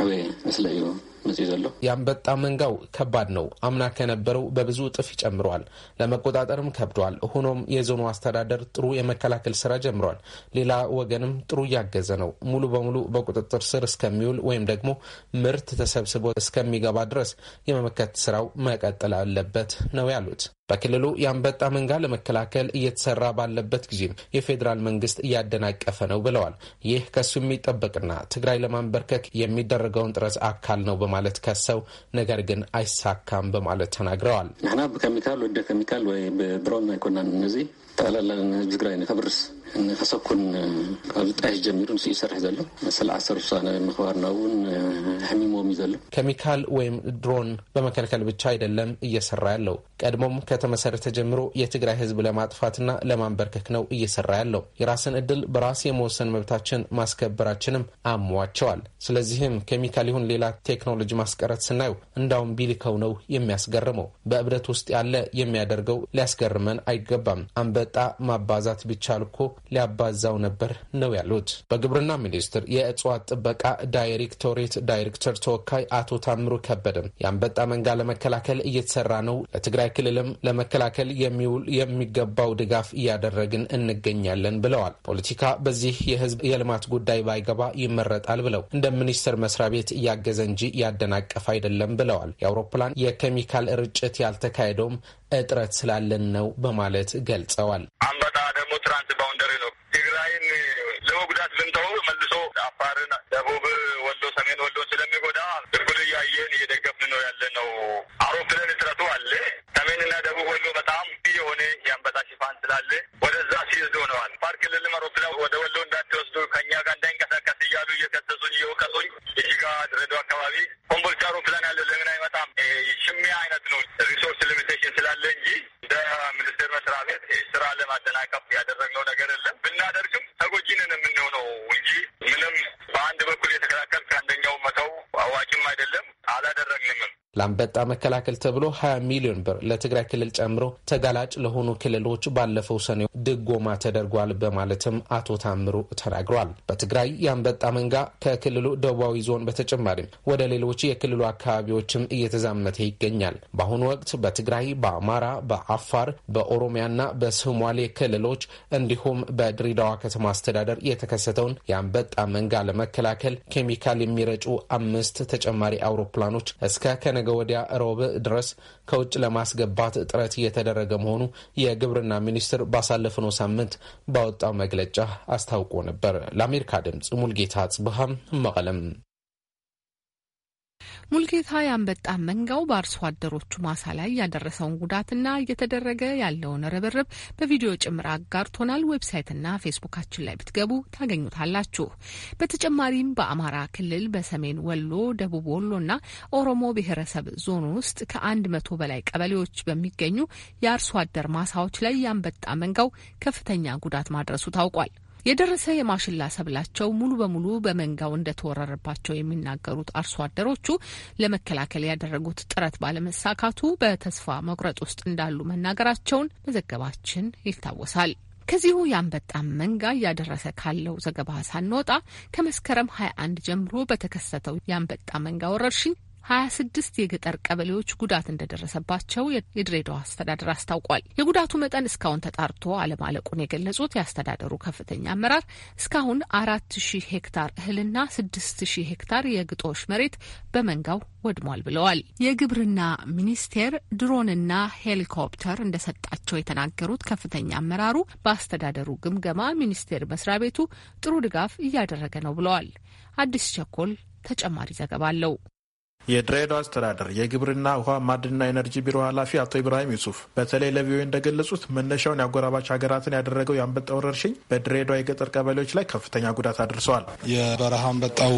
ዕበየ እስለ እዩ
መጽ ይዛለሁ። የአንበጣ መንጋው ከባድ ነው። አምና ከነበረው በብዙ እጥፍ ጨምሯል። ለመቆጣጠርም ከብደዋል። ሆኖም የዞኑ አስተዳደር ጥሩ የመከላከል ስራ ጀምረዋል። ሌላ ወገንም ጥሩ እያገዘ ነው። ሙሉ በሙሉ በቁጥጥር ስር እስከሚውል ወይም ደግሞ ምርት ተሰብስቦ እስከሚገባ ድረስ የመመከት ስራው መቀጠል አለበት ነው ያሉት። በክልሉ የአንበጣ መንጋ ለመከላከል እየተሰራ ባለበት ጊዜም የፌዴራል መንግስት እያደናቀፈ ነው ብለዋል። ይህ ከሱ የሚጠበቅና ትግራይ ለማንበርከክ የሚደረገውን ጥረት አካል ነው በማለት በማለት ከሰው ነገር ግን አይሳካም በማለት ተናግረዋል።
ንሕና ብኬሚካል ወደ ከሚካል ወይ ብድሮን ኣይኮናን እነዚ ጠቕላላ ንትግራይ ንከብርስ ንኸሰኩን ካብ ጣይሽ ጀሚሩ ንስ ይሰርሕ ዘሎ ስለ ዓሰር ውሳነ ምክባርና እውን ሕሚሞም እዩ ዘሎ
ኬሚካል ወይም ድሮን በመከልከል ብቻ አይደለም እየሰራ ያለው ቀድሞም ከተመሰረተ ጀምሮ የትግራይ ህዝብ ለማጥፋትና ለማንበርከክ ነው እየሰራ ያለው። የራስን እድል በራስ የመወሰን መብታችን ማስከበራችንም አሟቸዋል። ስለዚህም ኬሚካል ይሁን ሌላ ቴክኖሎጂ ማስቀረት ስናየው እንዳውም ቢልከው ነው የሚያስገርመው። በእብደት ውስጥ ያለ የሚያደርገው ሊያስገርመን አይገባም። አንበ እየተጠጣ ማባዛት ቢቻል እኮ ሊያባዛው ነበር ነው ያሉት። በግብርና ሚኒስቴር የእጽዋት ጥበቃ ዳይሬክቶሬት ዳይሬክተር ተወካይ አቶ ታምሩ ከበደም የአንበጣ መንጋ ለመከላከል እየተሰራ ነው፣ ለትግራይ ክልልም ለመከላከል የሚውል የሚገባው ድጋፍ እያደረግን እንገኛለን ብለዋል። ፖለቲካ በዚህ የህዝብ የልማት ጉዳይ ባይገባ ይመረጣል ብለው እንደ ሚኒስቴር መስሪያ ቤት እያገዘ እንጂ ያደናቀፍ አይደለም ብለዋል። የአውሮፕላን የኬሚካል ርጭት ያልተካሄደውም እጥረት ስላለን ነው በማለት ገልጸዋል። ገልጸዋል። አንበጣ ደግሞ ትራንስ ባውንደሪ ነው። ትግራይን ለመጉዳት ብንተው መልሶ አፋርን፣ ደቡብ ወሎ፣ ሰሜን ወሎ ስለሚጎዳ ብርጉድ እያየን እየደገፍን
ነው ያለ ነው። አውሮፕላን እጥረቱ አለ። ሰሜንና ደቡብ ወሎ በጣም የሆነ የአንበጣ ሽፋን ስላለ ወደዛ ሲይዝ ሆነዋል። ፓርክ ልልም አውሮፕላን ወደ ወሎ እንዳትወስዱ ከኛ ጋር እንዳይንቀ እያሉ እየከሰሱኝ እየወቀሱኝ እጅጋ ድሬዳዋ አካባቢ ኮምቦልቻ አውሮፕላን ያለ ለምን አይመጣም? ሽሚያ አይነት ነው። ሪሶርስ ሊሚቴሽን ስላለ እንጂ እንደ ሚኒስቴር መስሪያ ቤት ስራ ለማደናቀፍ ያደረግነው ነገር የለም። ብናደርግም ተጎጂንን የምንሆነው እንጂ ምንም በአንድ በኩል የተከላከል ከአንደኛው መተው አዋጭም አይደለም።
አላደረግንምም። ለአንበጣ መከላከል ተብሎ 20 ሚሊዮን ብር ለትግራይ ክልል ጨምሮ ተጋላጭ ለሆኑ ክልሎች ባለፈው ሰኔ ድጎማ ተደርጓል በማለትም አቶ ታምሩ ተናግሯል። በትግራይ የአንበጣ መንጋ ከክልሉ ደቡባዊ ዞን በተጨማሪም ወደ ሌሎች የክልሉ አካባቢዎችም እየተዛመተ ይገኛል። በአሁኑ ወቅት በትግራይ፣ በአማራ፣ በአፋር፣ በኦሮሚያና በሶማሌ ክልሎች እንዲሁም በድሬዳዋ ከተማ አስተዳደር የተከሰተውን የአንበጣ መንጋ ለመከላከል ኬሚካል የሚረጩ አምስት ተጨማሪ አውሮፕላኖች እስከ ከነገ ነገ ወዲያ ሮብ ድረስ ከውጭ ለማስገባት ጥረት እየተደረገ መሆኑ የግብርና ሚኒስትር ባሳለፍነው ሳምንት ባወጣው መግለጫ አስታውቆ ነበር። ለአሜሪካ ድምፅ ሙልጌታ ጽብሃም መቀለም
ሙልጌታ የአንበጣ መንጋው በአርሶ አደሮቹ ማሳ ላይ ያደረሰውን ጉዳትና እየተደረገ ያለውን ርብርብ በቪዲዮ ጭምር አጋርቶናል። ዌብሳይትና ፌስቡካችን ላይ ብትገቡ ታገኙታላችሁ። በተጨማሪም በአማራ ክልል በሰሜን ወሎ፣ ደቡብ ወሎና ኦሮሞ ብሔረሰብ ዞን ውስጥ ከአንድ መቶ በላይ ቀበሌዎች በሚገኙ የአርሶ አደር ማሳዎች ላይ የአንበጣ መንጋው ከፍተኛ ጉዳት ማድረሱ ታውቋል። የደረሰ የማሽላ ሰብላቸው ሙሉ በሙሉ በመንጋው እንደተወረረባቸው የሚናገሩት አርሶ አደሮቹ ለመከላከል ያደረጉት ጥረት ባለመሳካቱ በተስፋ መቁረጥ ውስጥ እንዳሉ መናገራቸውን መዘገባችን ይታወሳል። ከዚሁ የአንበጣ መንጋ እያደረሰ ካለው ዘገባ ሳንወጣ ከመስከረም 21 ጀምሮ በተከሰተው የአንበጣ መንጋ ወረርሽኝ ሀያ ስድስት የገጠር ቀበሌዎች ጉዳት እንደደረሰባቸው የድሬዳዋ አስተዳደር አስታውቋል። የጉዳቱ መጠን እስካሁን ተጣርቶ አለማለቁን የገለጹት የአስተዳደሩ ከፍተኛ አመራር እስካሁን አራት ሺህ ሄክታር እህልና ስድስት ሺህ ሄክታር የግጦሽ መሬት በመንጋው ወድሟል ብለዋል። የግብርና ሚኒስቴር ድሮንና ሄሊኮፕተር እንደሰጣቸው የተናገሩት ከፍተኛ አመራሩ በአስተዳደሩ ግምገማ ሚኒስቴር መስሪያ ቤቱ ጥሩ ድጋፍ እያደረገ ነው ብለዋል። አዲስ ቸኮል ተጨማሪ ዘገባ አለው።
የድሬዳዋ አስተዳደር የግብርና ውሃ፣ ማድንና ኤነርጂ ቢሮ ኃላፊ አቶ ኢብራሂም ዩሱፍ በተለይ ለቪኦኤ እንደገለጹት መነሻውን የአጎራባች ሀገራትን ያደረገው የአንበጣ ወረርሽኝ በድሬዳዋ የገጠር ቀበሌዎች ላይ ከፍተኛ ጉዳት አድርሰዋል።
የበረሃ አንበጣው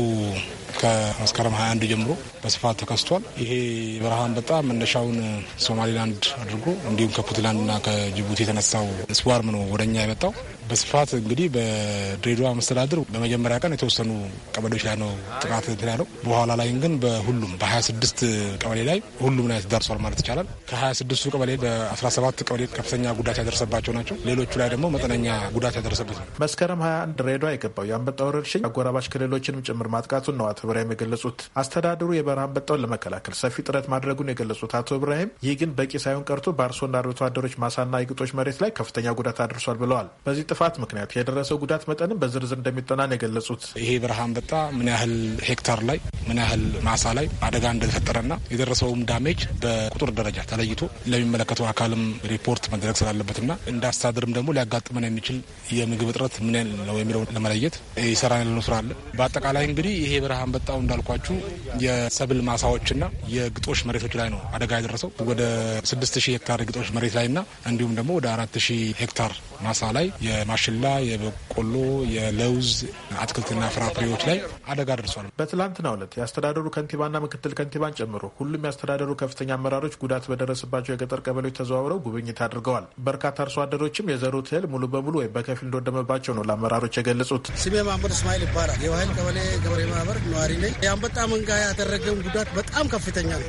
ከመስከረም 21 ጀምሮ በስፋት ተከስቷል። ይሄ የበረሃ አንበጣ መነሻውን ሶማሌላንድ አድርጎ እንዲሁም ከፑንትላንድና ከጅቡቲ የተነሳው ስዋርም ነው ወደኛ የመጣው በስፋት እንግዲህ በድሬዳዋ መስተዳድር በመጀመሪያ ቀን የተወሰኑ ቀበሌዎች ላይ ነው ጥቃት ያለው። በኋላ ላይ ግን በሁሉም በ26 ቀበሌ ላይ ሁሉም ላይ ደርሷል ማለት ይቻላል። ከ26ቱ ቀበሌ በ17 ቀበሌ ከፍተኛ ጉዳት ያደረሰባቸው ናቸው። ሌሎቹ ላይ ደግሞ መጠነኛ ጉዳት ያደረሰበት ነው።
መስከረም 21 ድሬዳዋ የገባው የአንበጣ ወረርሽኝ አጎራባች ክልሎችንም ጭምር ማጥቃቱን ነው አቶ ብራሂም የገለጹት። አስተዳደሩ የበረሃ አንበጣውን ለመከላከል ሰፊ ጥረት ማድረጉን የገለጹት አቶ ብራሂም ይህ ግን በቂ ሳይሆን ቀርቶ በአርሶና አርብቶ አደሮች ማሳና የግጦች መሬት ላይ ከፍተኛ ጉዳት አድርሷል ብለዋል። በዚህ ጥፋት ምክንያት የደረሰው ጉዳት መጠንም በዝርዝር እንደሚጠናን የገለጹት ይሄ በረሃ አንበጣ ምን ያህል ሄክታር ላይ ምን ያህል ማሳ ላይ አደጋ
እንደተፈጠረና የደረሰውም ዳሜጅ በቁጥር ደረጃ ተለይቶ ለሚመለከተው አካልም ሪፖርት መደረግ ስላለበትና እንደ ደግሞ ሊያጋጥመን የሚችል የምግብ እጥረት ምን ነው የሚለው ለመለየት ይሰራን ያለነው ስራ አለ። በአጠቃላይ እንግዲህ ይሄ በረሃ አንበጣው እንዳልኳችሁ የሰብል ማሳዎችና የግጦሽ መሬቶች ላይ ነው አደጋ የደረሰው ወደ 6000 ሄክታር የግጦሽ መሬት ላይና እንዲሁም ደግሞ ወደ 4000 ሄክታር ማሳ ላይ የማሽላ፣ የበቆሎ፣ የለውዝ አትክልትና ፍራፍሬዎች ላይ
አደጋ ደርሷል። በትላንትናው ዕለት የአስተዳደሩ ከንቲባና ምክትል ከንቲባን ጨምሮ ሁሉም የአስተዳደሩ ከፍተኛ አመራሮች ጉዳት በደረሰባቸው የገጠር ቀበሌዎች ተዘዋውረው ጉብኝት አድርገዋል። በርካታ አርሶ አደሮችም የዘሩት እህል ሙሉ በሙሉ ወይም በከፊል እንደወደመባቸው ነው ለአመራሮች የገለጹት። ስሜ ማንበር እስማኤል
ይባላል። የባህል ቀበሌ ገበሬ ማህበር
ነዋሪ
ነኝ።
የአንበጣ መንጋ ያደረገውን ጉዳት
በጣም ከፍተኛ ነው።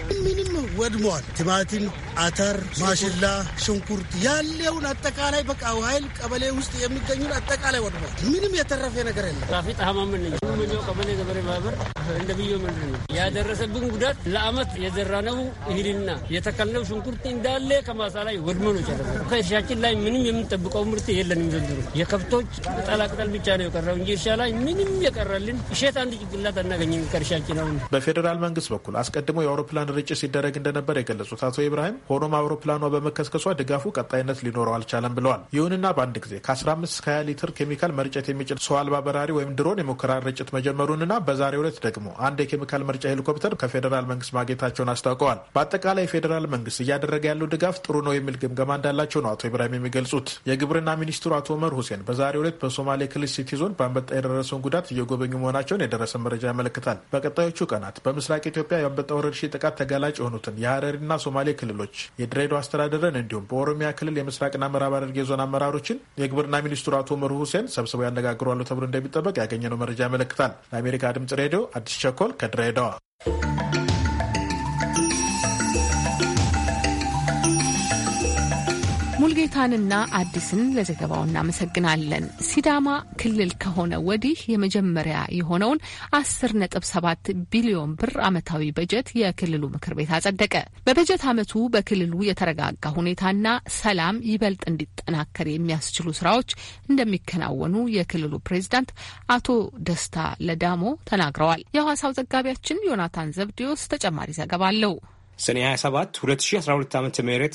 ወድሟል። ቲማቲም፣ አተር፣ ማሽላ፣ ሽንኩርት
ያለውን አጠቃላይ በቃ ኃይል ቀበሌ ውስጥ የሚገኙን አጠቃላይ ወድሟል። ምንም የተረፈ ነገር የለም። ራፊ ጣማምን ነኝ። ቀበሌ ገበሬ ማህበር እንደ ብዮ ምንድን ነው ያደረሰብን ጉዳት ለአመት የዘራነው እህልና የተከልነው ሽንኩርት እንዳለ ከማሳ ላይ ወድሞ ነው ጨረሰ። ከእርሻችን ላይ ምንም የምንጠብቀው ምርት የለንም ዘንድሮ የከብቶች ቅጠላቅጠል ብቻ ነው የቀረው እንጂ እርሻ ላይ ምንም የቀረልን እሸት አንድ ጭንቅላት አናገኝም ከእርሻችን አሁን
በፌዴራል መንግስት በኩል አስቀድሞ የአውሮፕላን ርጭት ሲደረግ እንደነበር የገለጹት አቶ ኢብራሂም ሆኖም አውሮፕላኗ በመከስከሷ ድጋፉ ቀጣይነት ሊኖረው አልቻለም ብለዋል። ይሁንና በአንድ ጊዜ ከ15 እስከ 20 ሊትር ኬሚካል መርጨት የሚችል ሰው አልባ በራሪ ወይም ድሮን የሙከራ ርጭት መጀመሩንና በዛሬው ዕለት ደግሞ አንድ የኬሚካል መርጫ ሄሊኮፕተር ከፌዴራል መንግስት ማግኘታቸውን አስታውቀዋል። በአጠቃላይ የፌዴራል መንግስት እያደረገ ያለው ድጋፍ ጥሩ ነው የሚል ግምገማ እንዳላቸው ነው አቶ ኢብራሂም የሚገልጹት። የግብርና ሚኒስትሩ አቶ ኦመር ሁሴን በዛሬው ዕለት በሶማሌ ክልል ሲቲ ዞን በአንበጣ የደረሰውን ጉዳት እየጎበኙ መሆናቸውን የደረሰ መረጃ ያመለክታል። በቀጣዮቹ ቀናት በምስራቅ ኢትዮጵያ የአንበጣ ወረርሽኝ ጥቃት ተጋላጭ የሆኑትን ማለትም የሀረሪና ሶማሌ ክልሎች የድሬዳዋ አስተዳደርን እንዲሁም በኦሮሚያ ክልል የምስራቅና ምዕራብ ሐረርጌ ዞን አመራሮችን የግብርና ሚኒስትሩ አቶ ምሩ ሁሴን ሰብስበው ያነጋግሯሉ ተብሎ እንደሚጠበቅ ያገኘነው መረጃ ያመለክታል። ለአሜሪካ ድምጽ ሬዲዮ አዲስ ቸኮል ከድሬዳዋ
ትዝታንና አዲስን ለዘገባው እናመሰግናለን። ሲዳማ ክልል ከሆነ ወዲህ የመጀመሪያ የሆነውን አስር ነጥብ ሰባት ቢሊዮን ብር ዓመታዊ በጀት የክልሉ ምክር ቤት አጸደቀ። በበጀት ዓመቱ በክልሉ የተረጋጋ ሁኔታና ሰላም ይበልጥ እንዲጠናከር የሚያስችሉ ስራዎች እንደሚከናወኑ የክልሉ ፕሬዚዳንት አቶ ደስታ ለዳሞ ተናግረዋል። የሐዋሳው ዘጋቢያችን ዮናታን ዘብዲዮስ ተጨማሪ ዘገባ አለው።
ሰኔ 27 2012 ዓ ም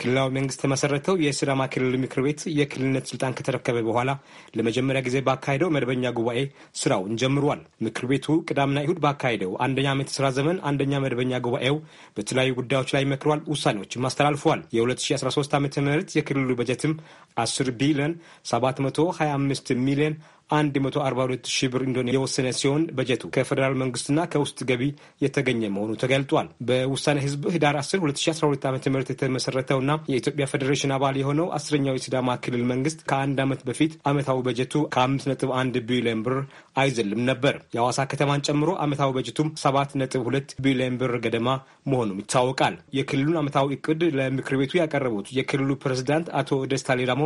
ክልላዊ መንግስት ተመሰረተው የሲዳማ ክልል ምክር ቤት የክልልነት ስልጣን ከተረከበ በኋላ ለመጀመሪያ ጊዜ ባካሄደው መደበኛ ጉባኤ ስራውን ጀምሯል። ምክር ቤቱ ቅዳምና ይሁድ ባካሄደው አንደኛ ዓመት ስራ ዘመን አንደኛ መደበኛ ጉባኤው በተለያዩ ጉዳዮች ላይ መክሯል፣ ውሳኔዎችም አስተላልፈዋል። የ2013 ዓ ም የክልሉ በጀትም 10 ቢሊዮን 725 ሚሊዮን 142 ሺህ ብር እንደሆነ የወሰነ ሲሆን በጀቱ ከፌዴራል መንግስትና ከውስጥ ገቢ የተገኘ መሆኑ ተገልጧል። በውሳኔ ህዝብ ህዳር 10 2012 ዓ ም የተመሰረተውና የኢትዮጵያ ፌዴሬሽን አባል የሆነው አስረኛው የሲዳማ ክልል መንግስት ከአንድ ዓመት በፊት ዓመታዊ በጀቱ ከ5.1 ቢሊዮን ብር አይዘልም ነበር። የሐዋሳ ከተማን ጨምሮ ዓመታዊ በጀቱም 7.2 ቢሊዮን ብር ገደማ መሆኑም ይታወቃል። የክልሉን ዓመታዊ እቅድ ለምክር ቤቱ ያቀረቡት የክልሉ ፕሬዚዳንት አቶ ደስታ ሌዳሞ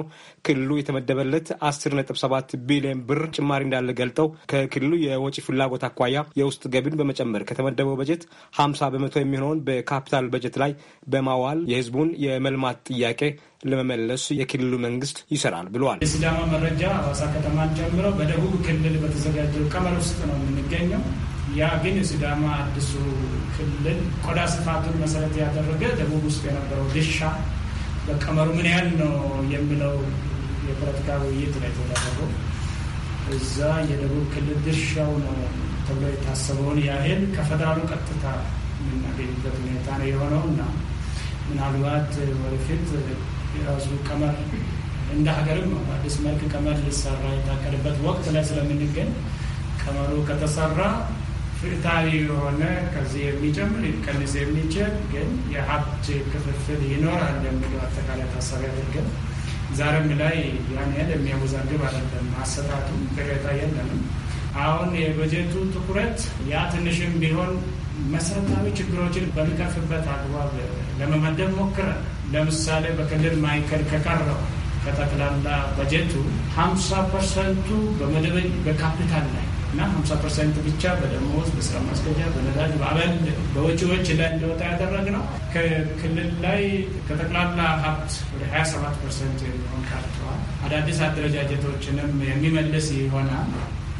ክልሉ የተመደበለት 10.7 ቢሊዮን ብር ጭማሪ እንዳለ ገልጠው ከክልሉ የወጪ ፍላጎት አኳያ የውስጥ ገቢን በመጨመር ከተመደበው በጀት 50 በመቶ የሚሆነውን በካፒታል በጀት ላይ በማዋል የህዝቡን የመልማት ጥያቄ ለመመለስ የክልሉ መንግስት ይሰራል ብለዋል። የሲዳማ
መረጃ ሐዋሳ ከተማን ጨምሮ በደቡብ ክልል በተዘጋጀው ቀመር ውስጥ ነው የምንገኘው። ያ ግን የሲዳማ አዲሱ ክልል ቆዳ ስፋቱን መሰረት ያደረገ ደቡብ ውስጥ የነበረው ድሻ በቀመሩ ምን ያህል ነው የሚለው የፖለቲካ ውይይት ነው የተደረገው። እዛ የደቡብ ክልል ድርሻው ነው ተብሎ የታሰበውን ያህል ከፌደራሉ ቀጥታ የምናገኝበት ሁኔታ ነው የሆነው እና ምናልባት ወደፊት የራሱ ቀመር እንደ ሀገርም አዲስ መልክ ቀመር ሊሰራ የታቀደበት ወቅት ላይ ስለምንገኝ ቀመሩ ከተሰራ ፍትሃዊ የሆነ ከዚህ የሚጨምር ሊቀንስ የሚችል ግን የሀብት ክፍፍል ይኖራል የሚለው አጠቃላይ ታሳቢ አድርገን ዛሬም ላይ ያን ያህል የሚያወዛግብ አይደለም። አሰጣቱም ቅሬታ የለንም። አሁን የበጀቱ ትኩረት ያ ትንሽም ቢሆን መሰረታዊ ችግሮችን በሚቀርፍበት አግባብ ለመመደብ ሞክረን ለምሳሌ በክልል ማዕከል ከቀረው ከጠቅላላ በጀቱ ሀምሳ ፐርሰንቱ በመደበኝ በካፒታል ላይ እና 50 ፐርሰንት ብቻ በደሞዝ በስራ ማስገጃ በነዳጅ በአበል በወጪዎች ላይ እንደወጣ ያደረግ ነው። ከክልል ላይ ከጠቅላላ ሀብት ወደ 27 ፐርሰንት የሚሆን ካርተዋል። አዳዲስ አደረጃጀቶችንም የሚመልስ ይሆናል።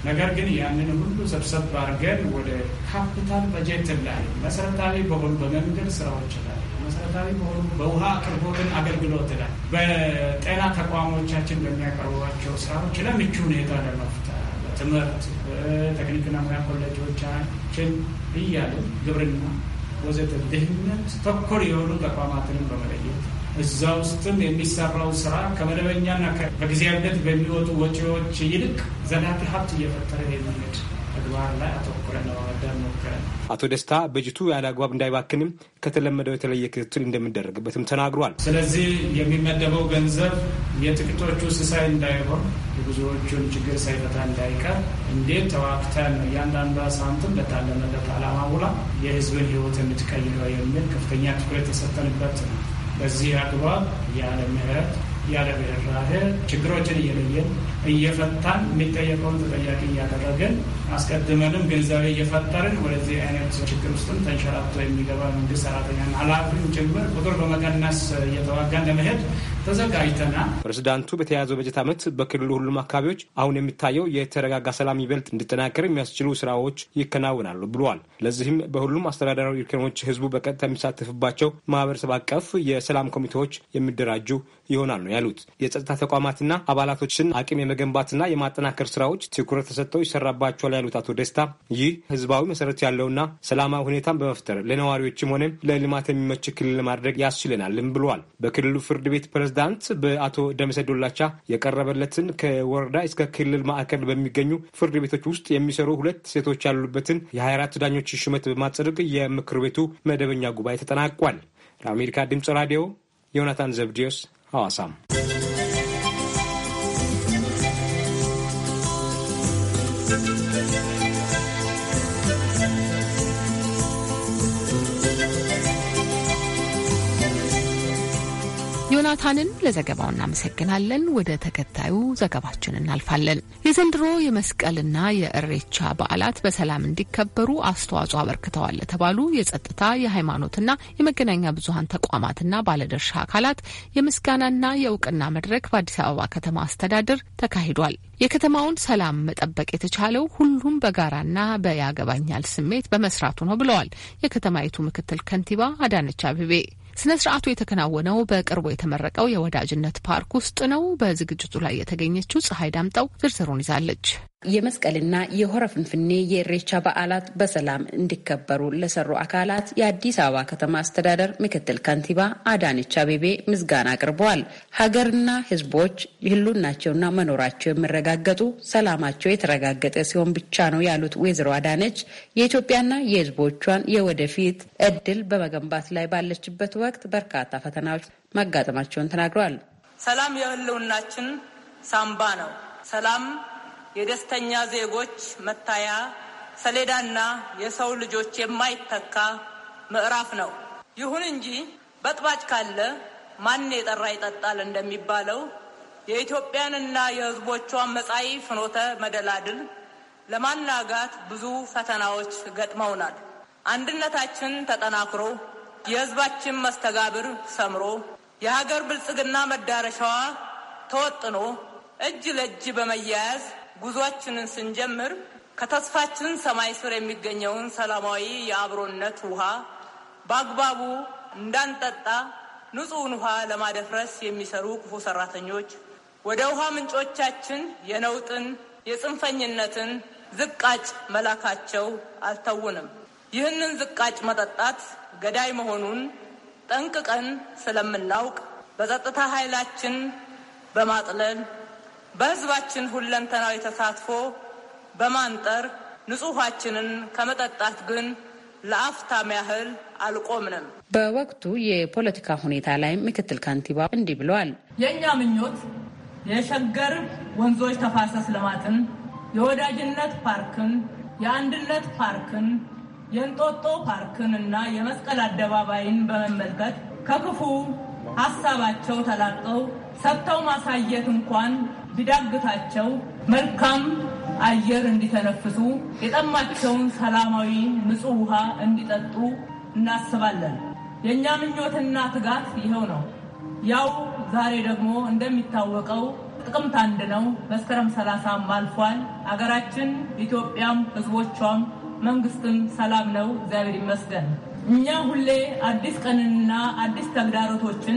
ነገር ግን ያንን ሁሉ ሰብሰብ አድርገን ወደ ካፒታል በጀት ላይ መሰረታዊ በሆኑ በመንገድ ስራዎች ላይ መሰረታዊ በሆኑ በውሃ አቅርቦትን አገልግሎት ላይ በጤና ተቋሞቻችን በሚያቀርቧቸው ስራዎች ለምቹ ሁኔታ ለመፍጠር ትምህርት፣ ቴክኒክና ሙያ ኮሌጆቻችን እያሉ ግብርና ወዘተ ድህነት ተኮር የሆኑ ተቋማትንም በመለየት እዛ ውስጥም የሚሰራው ስራ ከመደበኛና በጊዜያዊነት በሚወጡ ወጪዎች ይልቅ ዘላቂ ሀብት እየፈጠረ የመንገድ ተግባር ላይ አተኩረን ለመመደብ ሞክረን
አቶ ደስታ በጀቱ ያለ አግባብ እንዳይባክንም ከተለመደው የተለየ ክትትል እንደሚደረግበትም ተናግሯል። ስለዚህ የሚመደበው
ገንዘብ የጥቂቶቹ ስሳይ እንዳይሆን የብዙዎቹን ችግር ሳይፈታ እንዳይቀር እንዴት ተዋክተን እያንዳንዷ ሳንትም በታለመለት አላማ ውላ የህዝብን ህይወት የምትቀይረው የሚል ከፍተኛ ትኩረት የሰጠንበት ነው። በዚህ አግባብ ያለ ምህረት ያለ ርህራሄ ችግሮችን እየለየን እየፈታን የሚጠየቀውን ተጠያቂ እያደረገን አስቀድመንም ግንዛቤ እየፈጠርን ወደዚህ አይነት ችግር ውስጥም ተንሸራቶ የሚገባ መንግስት ሰራተኛ ኃላፊም ጭምር ቁጥር በመቀነስ እየተዋጋን ለመሄድ
ተዘጋጅተናል። ፕሬዚዳንቱ በተያያዘው በጀት ዓመት በክልሉ ሁሉም አካባቢዎች አሁን የሚታየው የተረጋጋ ሰላም ይበልጥ እንዲጠናከር የሚያስችሉ ስራዎች ይከናወናሉ ብለዋል። ለዚህም በሁሉም አስተዳደራዊ እርከኖች ህዝቡ በቀጥታ የሚሳተፍባቸው ማህበረሰብ አቀፍ የሰላም ኮሚቴዎች የሚደራጁ ይሆናል ነው ያሉት። የጸጥታ ተቋማትና አባላቶችን አቅም የመገንባትና የማጠናከር ስራዎች ትኩረት ተሰጥተው ይሰራባቸዋል ያሉት አቶ ደስታ ይህ ህዝባዊ መሰረት ያለውና ሰላማዊ ሁኔታን በመፍጠር ለነዋሪዎችም ሆነ ለልማት የሚመች ክልል ለማድረግ ያስችለናልም ብለዋል። በክልሉ ፍርድ ቤት ፕሬዚዳንት በአቶ ደመሰ ዶላቻ የቀረበለትን ከወረዳ እስከ ክልል ማዕከል በሚገኙ ፍርድ ቤቶች ውስጥ የሚሰሩ ሁለት ሴቶች ያሉበትን የ24 ዳኞች ሹመት በማጸደቅ የምክር ቤቱ መደበኛ ጉባኤ ተጠናቋል። ለአሜሪካ ድምፅ ራዲዮ ዮናታን ዘብዲዮስ ሐዋሳም
ዮናታንን ለዘገባው እናመሰግናለን። ወደ ተከታዩ ዘገባችን እናልፋለን። የዘንድሮ የመስቀልና የእሬቻ በዓላት በሰላም እንዲከበሩ አስተዋጽኦ አበርክተዋል የተባሉ የጸጥታ የሃይማኖትና የመገናኛ ብዙሀን ተቋማትና ባለድርሻ አካላት የምስጋናና የእውቅና መድረክ በአዲስ አበባ ከተማ አስተዳደር ተካሂዷል። የከተማውን ሰላም መጠበቅ የተቻለው ሁሉም በጋራና በያገባኛል ስሜት በመስራቱ ነው ብለዋል የከተማይቱ ምክትል ከንቲባ አዳነች አቤቤ። ስነ ስርዓቱ የተከናወነው በቅርቡ የተመረቀው የወዳጅነት ፓርክ ውስጥ ነው። በዝግጅቱ ላይ የተገኘችው ፀሐይ ዳምጠው ዝርዝሩን ይዛለች። የመስቀልና
የሆረ ፍንፍኔ የእሬቻ በዓላት በሰላም እንዲከበሩ ለሰሩ አካላት የአዲስ አበባ ከተማ አስተዳደር ምክትል ከንቲባ አዳነች አቤቤ ምስጋና አቅርበዋል። ሀገርና ሕዝቦች ህሉናቸውና መኖራቸው የሚረጋገጡ ሰላማቸው የተረጋገጠ ሲሆን ብቻ ነው ያሉት ወይዘሮ አዳነች የኢትዮጵያና የሕዝቦቿን የወደፊት እድል በመገንባት ላይ ባለችበት ወቅት በርካታ ፈተናዎች ማጋጠማቸውን ተናግረዋል።
ሰላም የህልውናችን ሳምባ ነው። ሰላም የደስተኛ ዜጎች መታያ ሰሌዳና የሰው ልጆች የማይተካ ምዕራፍ ነው። ይሁን እንጂ በጥባጭ ካለ ማን የጠራ ይጠጣል እንደሚባለው የኢትዮጵያንና የሕዝቦቿን መጻኢ ፍኖተ መደላድል ለማናጋት ብዙ ፈተናዎች ገጥመውናል። አንድነታችን ተጠናክሮ የሕዝባችን መስተጋብር ሰምሮ የሀገር ብልጽግና መዳረሻዋ ተወጥኖ እጅ ለእጅ በመያያዝ ጉዟችንን ስንጀምር ከተስፋችን ሰማይ ስር የሚገኘውን ሰላማዊ የአብሮነት ውሃ በአግባቡ እንዳንጠጣ ንጹሕን ውሃ ለማደፍረስ የሚሰሩ ክፉ ሰራተኞች ወደ ውሃ ምንጮቻችን የነውጥን የጽንፈኝነትን ዝቃጭ መላካቸው አልተውንም። ይህንን ዝቃጭ መጠጣት ገዳይ መሆኑን ጠንቅቀን ስለምናውቅ በጸጥታ ኃይላችን በማጥለል በህዝባችን ሁለንተናዊ ተሳትፎ በማንጠር ንጹሐችንን ከመጠጣት ግን ለአፍታም ያህል አልቆምንም።
በወቅቱ የፖለቲካ ሁኔታ ላይ ምክትል ከንቲባ እንዲህ ብለዋል።
የእኛ ምኞት የሸገር ወንዞች ተፋሰስ ልማትን፣ የወዳጅነት ፓርክን፣ የአንድነት ፓርክን፣ የእንጦጦ ፓርክን እና የመስቀል አደባባይን በመመልከት ከክፉ ሀሳባቸው ተላቀው ሰጥተው ማሳየት እንኳን ቢዳግታቸው መልካም አየር እንዲተነፍሱ የጠማቸውን ሰላማዊ ንጹህ ውሃ እንዲጠጡ እናስባለን። የእኛ ምኞትና ትጋት ይኸው ነው። ያው ዛሬ ደግሞ እንደሚታወቀው ጥቅምት አንድ ነው፣ መስከረም ሰላሳም አልፏል። አገራችን ኢትዮጵያም ህዝቦቿም መንግስትም ሰላም ነው፣ እግዚአብሔር ይመስገን። እኛ ሁሌ አዲስ ቀንንና አዲስ ተግዳሮቶችን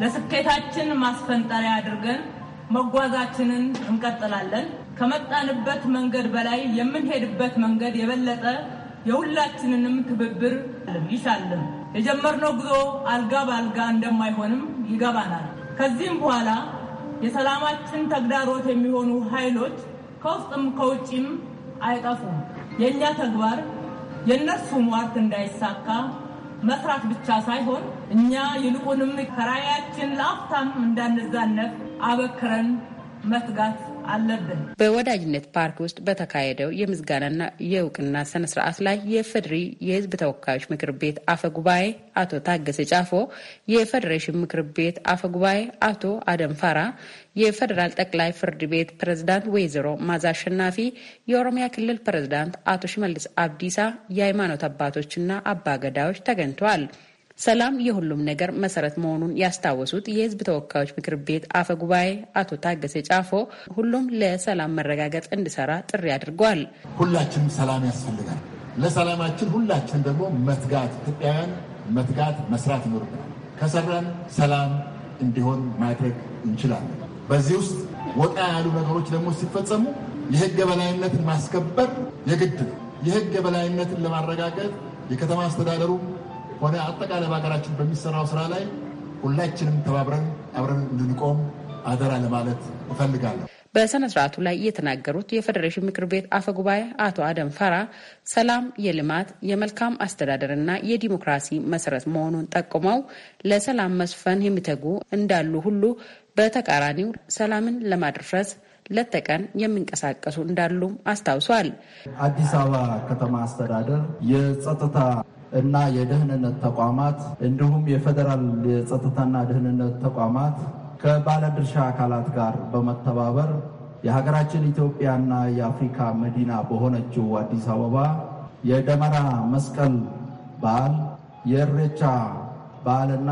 ለስኬታችን ማስፈንጠሪያ አድርገን መጓዛችንን እንቀጥላለን። ከመጣንበት መንገድ በላይ የምንሄድበት መንገድ የበለጠ የሁላችንንም ትብብር ይሻልም። የጀመርነው ጉዞ አልጋ በአልጋ እንደማይሆንም ይገባናል። ከዚህም በኋላ የሰላማችን ተግዳሮት የሚሆኑ ኃይሎች ከውስጥም ከውጭም አይጠፉም። የእኛ ተግባር የነሱ ሟርት እንዳይሳካ መስራት ብቻ ሳይሆን እኛ ይልቁንም ከራያችን ለአፍታም እንዳንዛነፍ አበክረን መትጋት አለብን።
በወዳጅነት ፓርክ ውስጥ በተካሄደው የምስጋናና የእውቅና ስነ ስርዓት ላይ የፌድሪ የህዝብ ተወካዮች ምክር ቤት አፈ ጉባኤ አቶ ታገሰ ጫፎ፣ የፌዴሬሽን ምክር ቤት አፈ ጉባኤ አቶ አደም ፋራ፣ የፌዴራል ጠቅላይ ፍርድ ቤት ፕሬዝዳንት ወይዘሮ ማዛ አሸናፊ፣ የኦሮሚያ ክልል ፕሬዝዳንት አቶ ሽመልስ አብዲሳ፣ የሃይማኖት አባቶችና አባገዳዎች ተገኝተዋል። ሰላም የሁሉም ነገር መሰረት መሆኑን ያስታወሱት የህዝብ ተወካዮች ምክር ቤት አፈ ጉባኤ አቶ ታገሰ ጫፎ ሁሉም ለሰላም መረጋገጥ እንዲሰራ ጥሪ
አድርጓል። ሁላችንም ሰላም ያስፈልጋል። ለሰላማችን ሁላችን ደግሞ መትጋት ኢትዮጵያውያን መትጋት መስራት ይኖርብናል። ከሰራን ሰላም እንዲሆን ማድረግ እንችላለን። በዚህ ውስጥ ወጣ ያሉ ነገሮች ደግሞ ሲፈጸሙ የህግ የበላይነትን ማስከበር የግድ ነው። የህግ የበላይነትን ለማረጋገጥ የከተማ አስተዳደሩ ሆነ አጠቃላይ በሀገራችን በሚሰራው ስራ ላይ ሁላችንም ተባብረን አብረን እንድንቆም አደራ ለማለት እፈልጋለሁ።
በስነ ስርዓቱ ላይ የተናገሩት የፌዴሬሽን ምክር ቤት አፈ ጉባኤ አቶ አደም ፈራ ሰላም የልማት የመልካም አስተዳደር እና የዲሞክራሲ መሰረት መሆኑን ጠቁመው ለሰላም መስፈን የሚተጉ እንዳሉ ሁሉ በተቃራኒው ሰላምን ለማድረስ ሌት ተቀን የሚንቀሳቀሱ እንዳሉም
አስታውሷል። አዲስ አበባ ከተማ አስተዳደር የጸጥታ እና የደህንነት ተቋማት እንዲሁም የፌዴራል የጸጥታና ደህንነት ተቋማት ከባለድርሻ አካላት ጋር በመተባበር የሀገራችን ኢትዮጵያና የአፍሪካ መዲና በሆነችው አዲስ አበባ የደመራ መስቀል በዓል፣ የእሬቻ በዓልና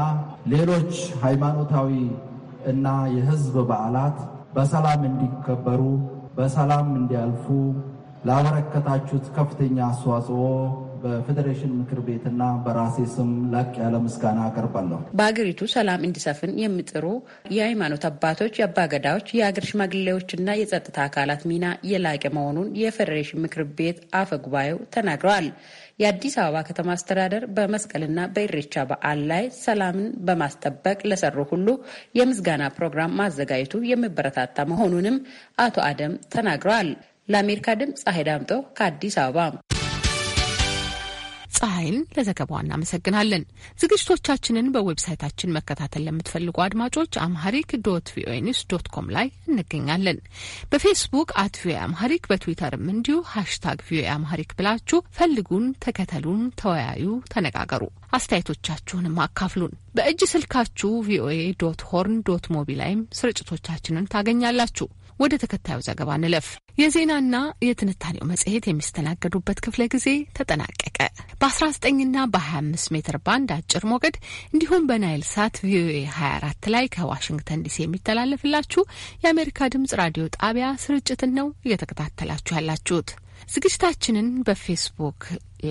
ሌሎች ሃይማኖታዊ እና የሕዝብ በዓላት በሰላም እንዲከበሩ፣ በሰላም እንዲያልፉ ላበረከታችሁት ከፍተኛ አስተዋጽኦ በፌዴሬሽን ምክር ቤትና በራሴ ስም ላቅ ያለ ምስጋና አቀርባለሁ።
በሀገሪቱ ሰላም እንዲሰፍን የሚጥሩ የሃይማኖት አባቶች፣ የአባገዳዎች፣ የአገር ሽማግሌዎችና የጸጥታ አካላት ሚና የላቀ መሆኑን የፌዴሬሽን ምክር ቤት አፈ ጉባኤው ተናግረዋል። የአዲስ አበባ ከተማ አስተዳደር በመስቀልና በኢሬቻ በዓል ላይ ሰላምን በማስጠበቅ ለሰሩ ሁሉ የምስጋና ፕሮግራም ማዘጋጀቱ የሚበረታታ መሆኑንም አቶ አደም ተናግረዋል። ለአሜሪካ ድምፅ
ፀሐይ ዳምጦ ከአዲስ አበባ ፀሐይን ለዘገባዋ እናመሰግናለን። ዝግጅቶቻችንን በዌብሳይታችን መከታተል ለምትፈልጉ አድማጮች አምሃሪክ ዶት ቪኦኤ ኒውስ ዶት ኮም ላይ እንገኛለን። በፌስቡክ አት ቪኦኤ አምሃሪክ፣ በትዊተርም እንዲሁ ሃሽታግ ቪኦኤ አምሃሪክ ብላችሁ ፈልጉን፣ ተከተሉን፣ ተወያዩ፣ ተነጋገሩ። አስተያየቶቻችሁንም አካፍሉን። በእጅ ስልካችሁ ቪኦኤ ዶት ሆርን ዶት ሞቢ ላይም ስርጭቶቻችንን ታገኛላችሁ። ወደ ተከታዩ ዘገባ እንለፍ። የዜናና የትንታኔው መጽሔት የሚስተናገዱበት ክፍለ ጊዜ ተጠናቀቀ። በ19ና በ25 ሜትር ባንድ አጭር ሞገድ እንዲሁም በናይል ሳት ቪኦኤ 24 ላይ ከዋሽንግተን ዲሲ የሚተላለፍላችሁ የአሜሪካ ድምጽ ራዲዮ ጣቢያ ስርጭትን ነው እየተከታተላችሁ ያላችሁት። ዝግጅታችንን በፌስቡክ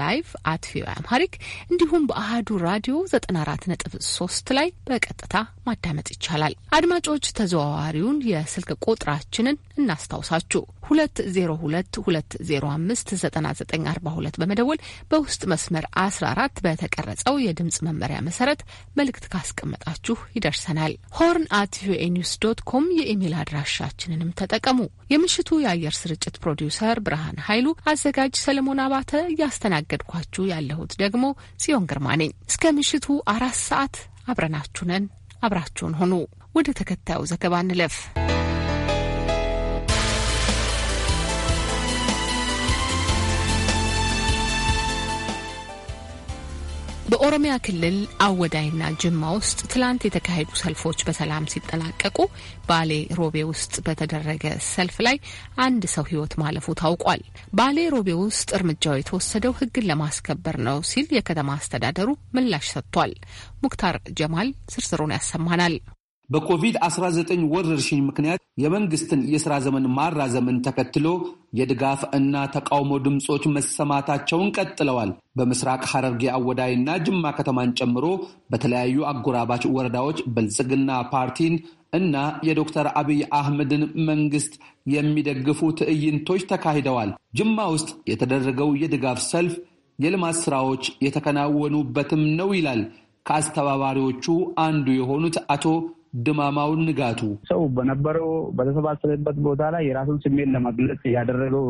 ላይቭ አት ቪኦኤ አምሃሪክ እንዲሁም በአህዱ ራዲዮ 94.3 ላይ በቀጥታ ማዳመጥ ይቻላል። አድማጮች ተዘዋዋሪውን የስልክ ቁጥራችንን እናስታውሳችሁ 2022059942 በመደወል በውስጥ መስመር 14 በተቀረጸው የድምፅ መመሪያ መሰረት መልእክት ካስቀመጣችሁ ይደርሰናል። ሆርን አት ቪኦኤ ኒውስ ዶት ኮም የኢሜል አድራሻችንንም ተጠቀሙ። የምሽቱ የአየር ስርጭት ፕሮዲውሰር ብርሃን ኃይሉ፣ አዘጋጅ ሰለሞን አባተ እያስተናል እያስተናገድኳችሁ ያለሁት ደግሞ ሲዮን ግርማ ነኝ። እስከ ምሽቱ አራት ሰዓት አብረናችሁ ነን። አብራችሁን ሆኑ። ወደ ተከታዩ ዘገባ እንለፍ። በኦሮሚያ ክልል አወዳይና ጅማ ውስጥ ትላንት የተካሄዱ ሰልፎች በሰላም ሲጠናቀቁ ባሌ ሮቤ ውስጥ በተደረገ ሰልፍ ላይ አንድ ሰው ሕይወት ማለፉ ታውቋል። ባሌ ሮቤ ውስጥ እርምጃው የተወሰደው ሕግን ለማስከበር ነው ሲል የከተማ አስተዳደሩ
ምላሽ ሰጥቷል። ሙክታር ጀማል ዝርዝሩን ያሰማናል። በኮቪድ-19 ወረርሽኝ ምክንያት የመንግስትን የሥራ ዘመን ማራዘምን ተከትሎ የድጋፍ እና ተቃውሞ ድምፆች መሰማታቸውን ቀጥለዋል። በምስራቅ ሐረርጌ አወዳይና ጅማ ከተማን ጨምሮ በተለያዩ አጎራባች ወረዳዎች ብልጽግና ፓርቲን እና የዶክተር አብይ አህመድን መንግስት የሚደግፉ ትዕይንቶች ተካሂደዋል። ጅማ ውስጥ የተደረገው የድጋፍ ሰልፍ የልማት ስራዎች የተከናወኑበትም ነው ይላል ከአስተባባሪዎቹ አንዱ የሆኑት አቶ ድማማውን ንጋቱ ሰው በነበረው በተሰባሰበበት ቦታ ላይ የራሱን ስሜት ለመግለጽ ያደረገው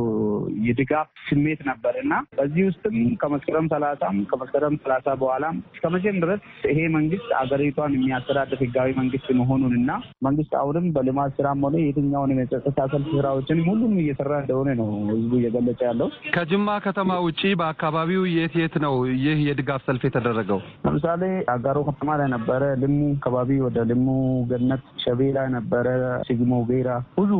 የድጋፍ ስሜት ነበር እና በዚህ ውስጥም ከመስከረም ሰላሳም ከመስከረም ሰላሳ በኋላም እስከመቼም ድረስ ይሄ መንግስት አገሪቷን የሚያስተዳድር ህጋዊ መንግስት መሆኑን እና መንግስት አሁንም በልማት ስራም ሆነ የትኛውን የጸጥታ ሰልፍ ስራዎችን ሁሉም እየሰራ እንደሆነ ነው ህዝቡ
እየገለጸ ያለው። ከጅማ ከተማ ውጭ በአካባቢው የት የት ነው ይህ የድጋፍ ሰልፍ የተደረገው?
ለምሳሌ አጋሮ ከተማ ላይ ነበረ። ልሙ አካባቢ ወደ ልሙ ገነት ሸቤላ ነበረ፣ ሲግሞ ጌራ ብዙ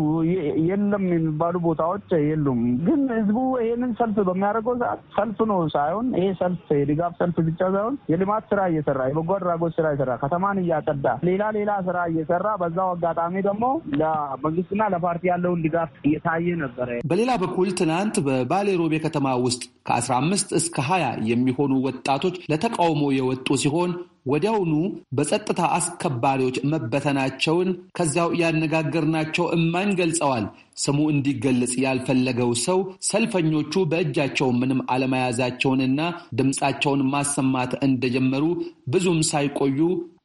የለም የሚባሉ ቦታዎች የሉም። ግን ህዝቡ ይሄንን ሰልፍ በሚያደርገው ሰዓት ሰልፍ ነው ሳይሆን ይሄ ሰልፍ የድጋፍ ሰልፍ ብቻ ሳይሆን የልማት ስራ እየሰራ የበጎ አድራጎት ስራ እየሰራ ከተማን እያጠዳ ሌላ ሌላ ስራ እየሰራ በዛው አጋጣሚ ደግሞ ለመንግስትና ለፓርቲ ያለውን ድጋፍ እየታየ ነበረ።
በሌላ በኩል ትናንት በባሌ ሮቤ ከተማ ውስጥ ከ15 እስከ 20 የሚሆኑ ወጣቶች ለተቃውሞ የወጡ ሲሆን ወዲያውኑ በጸጥታ አስከባሪዎች መበተናቸውን ከዚያው ያነጋገርናቸው እማኝ ገልጸዋል። ስሙ እንዲገለጽ ያልፈለገው ሰው ሰልፈኞቹ በእጃቸው ምንም አለመያዛቸውንና ድምፃቸውን ማሰማት እንደጀመሩ ብዙም ሳይቆዩ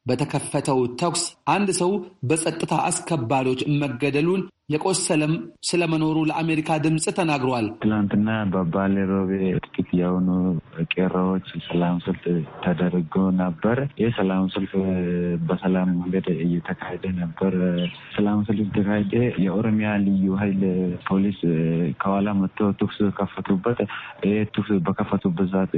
በተከፈተው ተኩስ አንድ ሰው በጸጥታ አስከባሪዎች መገደሉን የቆሰለም ስለመኖሩ ለአሜሪካ ድምፅ ተናግሯል።
ትናንትና በባሌ ሮቤ ጥቂት የሆኑ ቄሮዎች ሰላም ሰልፍ ተደርጎ ነበር። ይህ ሰላም ሰልፍ በሰላም መንገድ እየተካሄደ ነበር። ሰላም ሰልፍ የተካሄደ የኦሮሚያ ልዩ ኃይል ፖሊስ ከኋላ መጥቶ ቱክስ ከፈቱበት። ይህ ተኩስ በከፈቱበት ሰዓት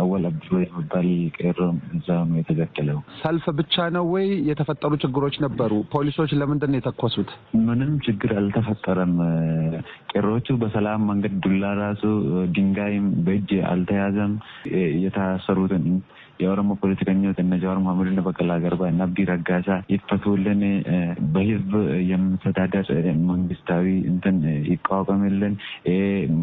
አወል አብዱ የሚባል ቄሮ እዛ ነው የተገደለው።
ሰልፍ ብቻ ነው ወይ የተፈጠሩ ችግሮች ነበሩ? ፖሊሶች ለምንድን ነው የተኮሱት?
ምንም ችግር ችግር አልተፈጠረም። ቄሮቹ በሰላም መንገድ ዱላ ራሱ ድንጋይም በእጅ አልተያዘም። የታሰሩትን የኦሮሞ ፖለቲከኞች እነ ጃዋር መሐመድና በቀላ ገርባ እና አብዲ ረጋሳ ይፈቱልን፣ በህዝብ የምተዳደር መንግስታዊ እንትን ይቋቋምልን፣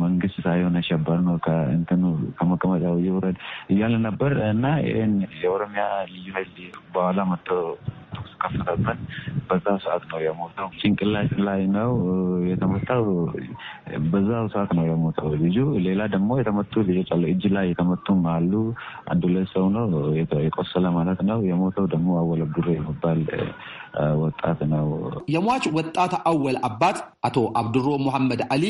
መንግስት ሳይሆን አሸባሪ ነው ከእንትኑ ከመቀመጫው ይውረድ እያለ ነበር እና ይህን የኦሮሚያ ልዩ ኃይል በኋላ መጥቶ ተኩስ ከፈተብን። በዛ ሰዓት ነው የሞተው። ጭንቅላት ላይ ነው የተመታው። በዛው ሰዓት ነው የሞተው ልጁ። ሌላ ደግሞ የተመቱ ልጆች አሉ፣ እጅ ላይ የተመቱም አሉ። አንድ ሁለት ሰው ነው
የቆሰለ ማለት ነው። የሞተው ደግሞ አወል አብዱሬ የሚባል ወጣት ነው። የሟች ወጣት አወል አባት አቶ አብዱሮ ሙሐመድ አሊ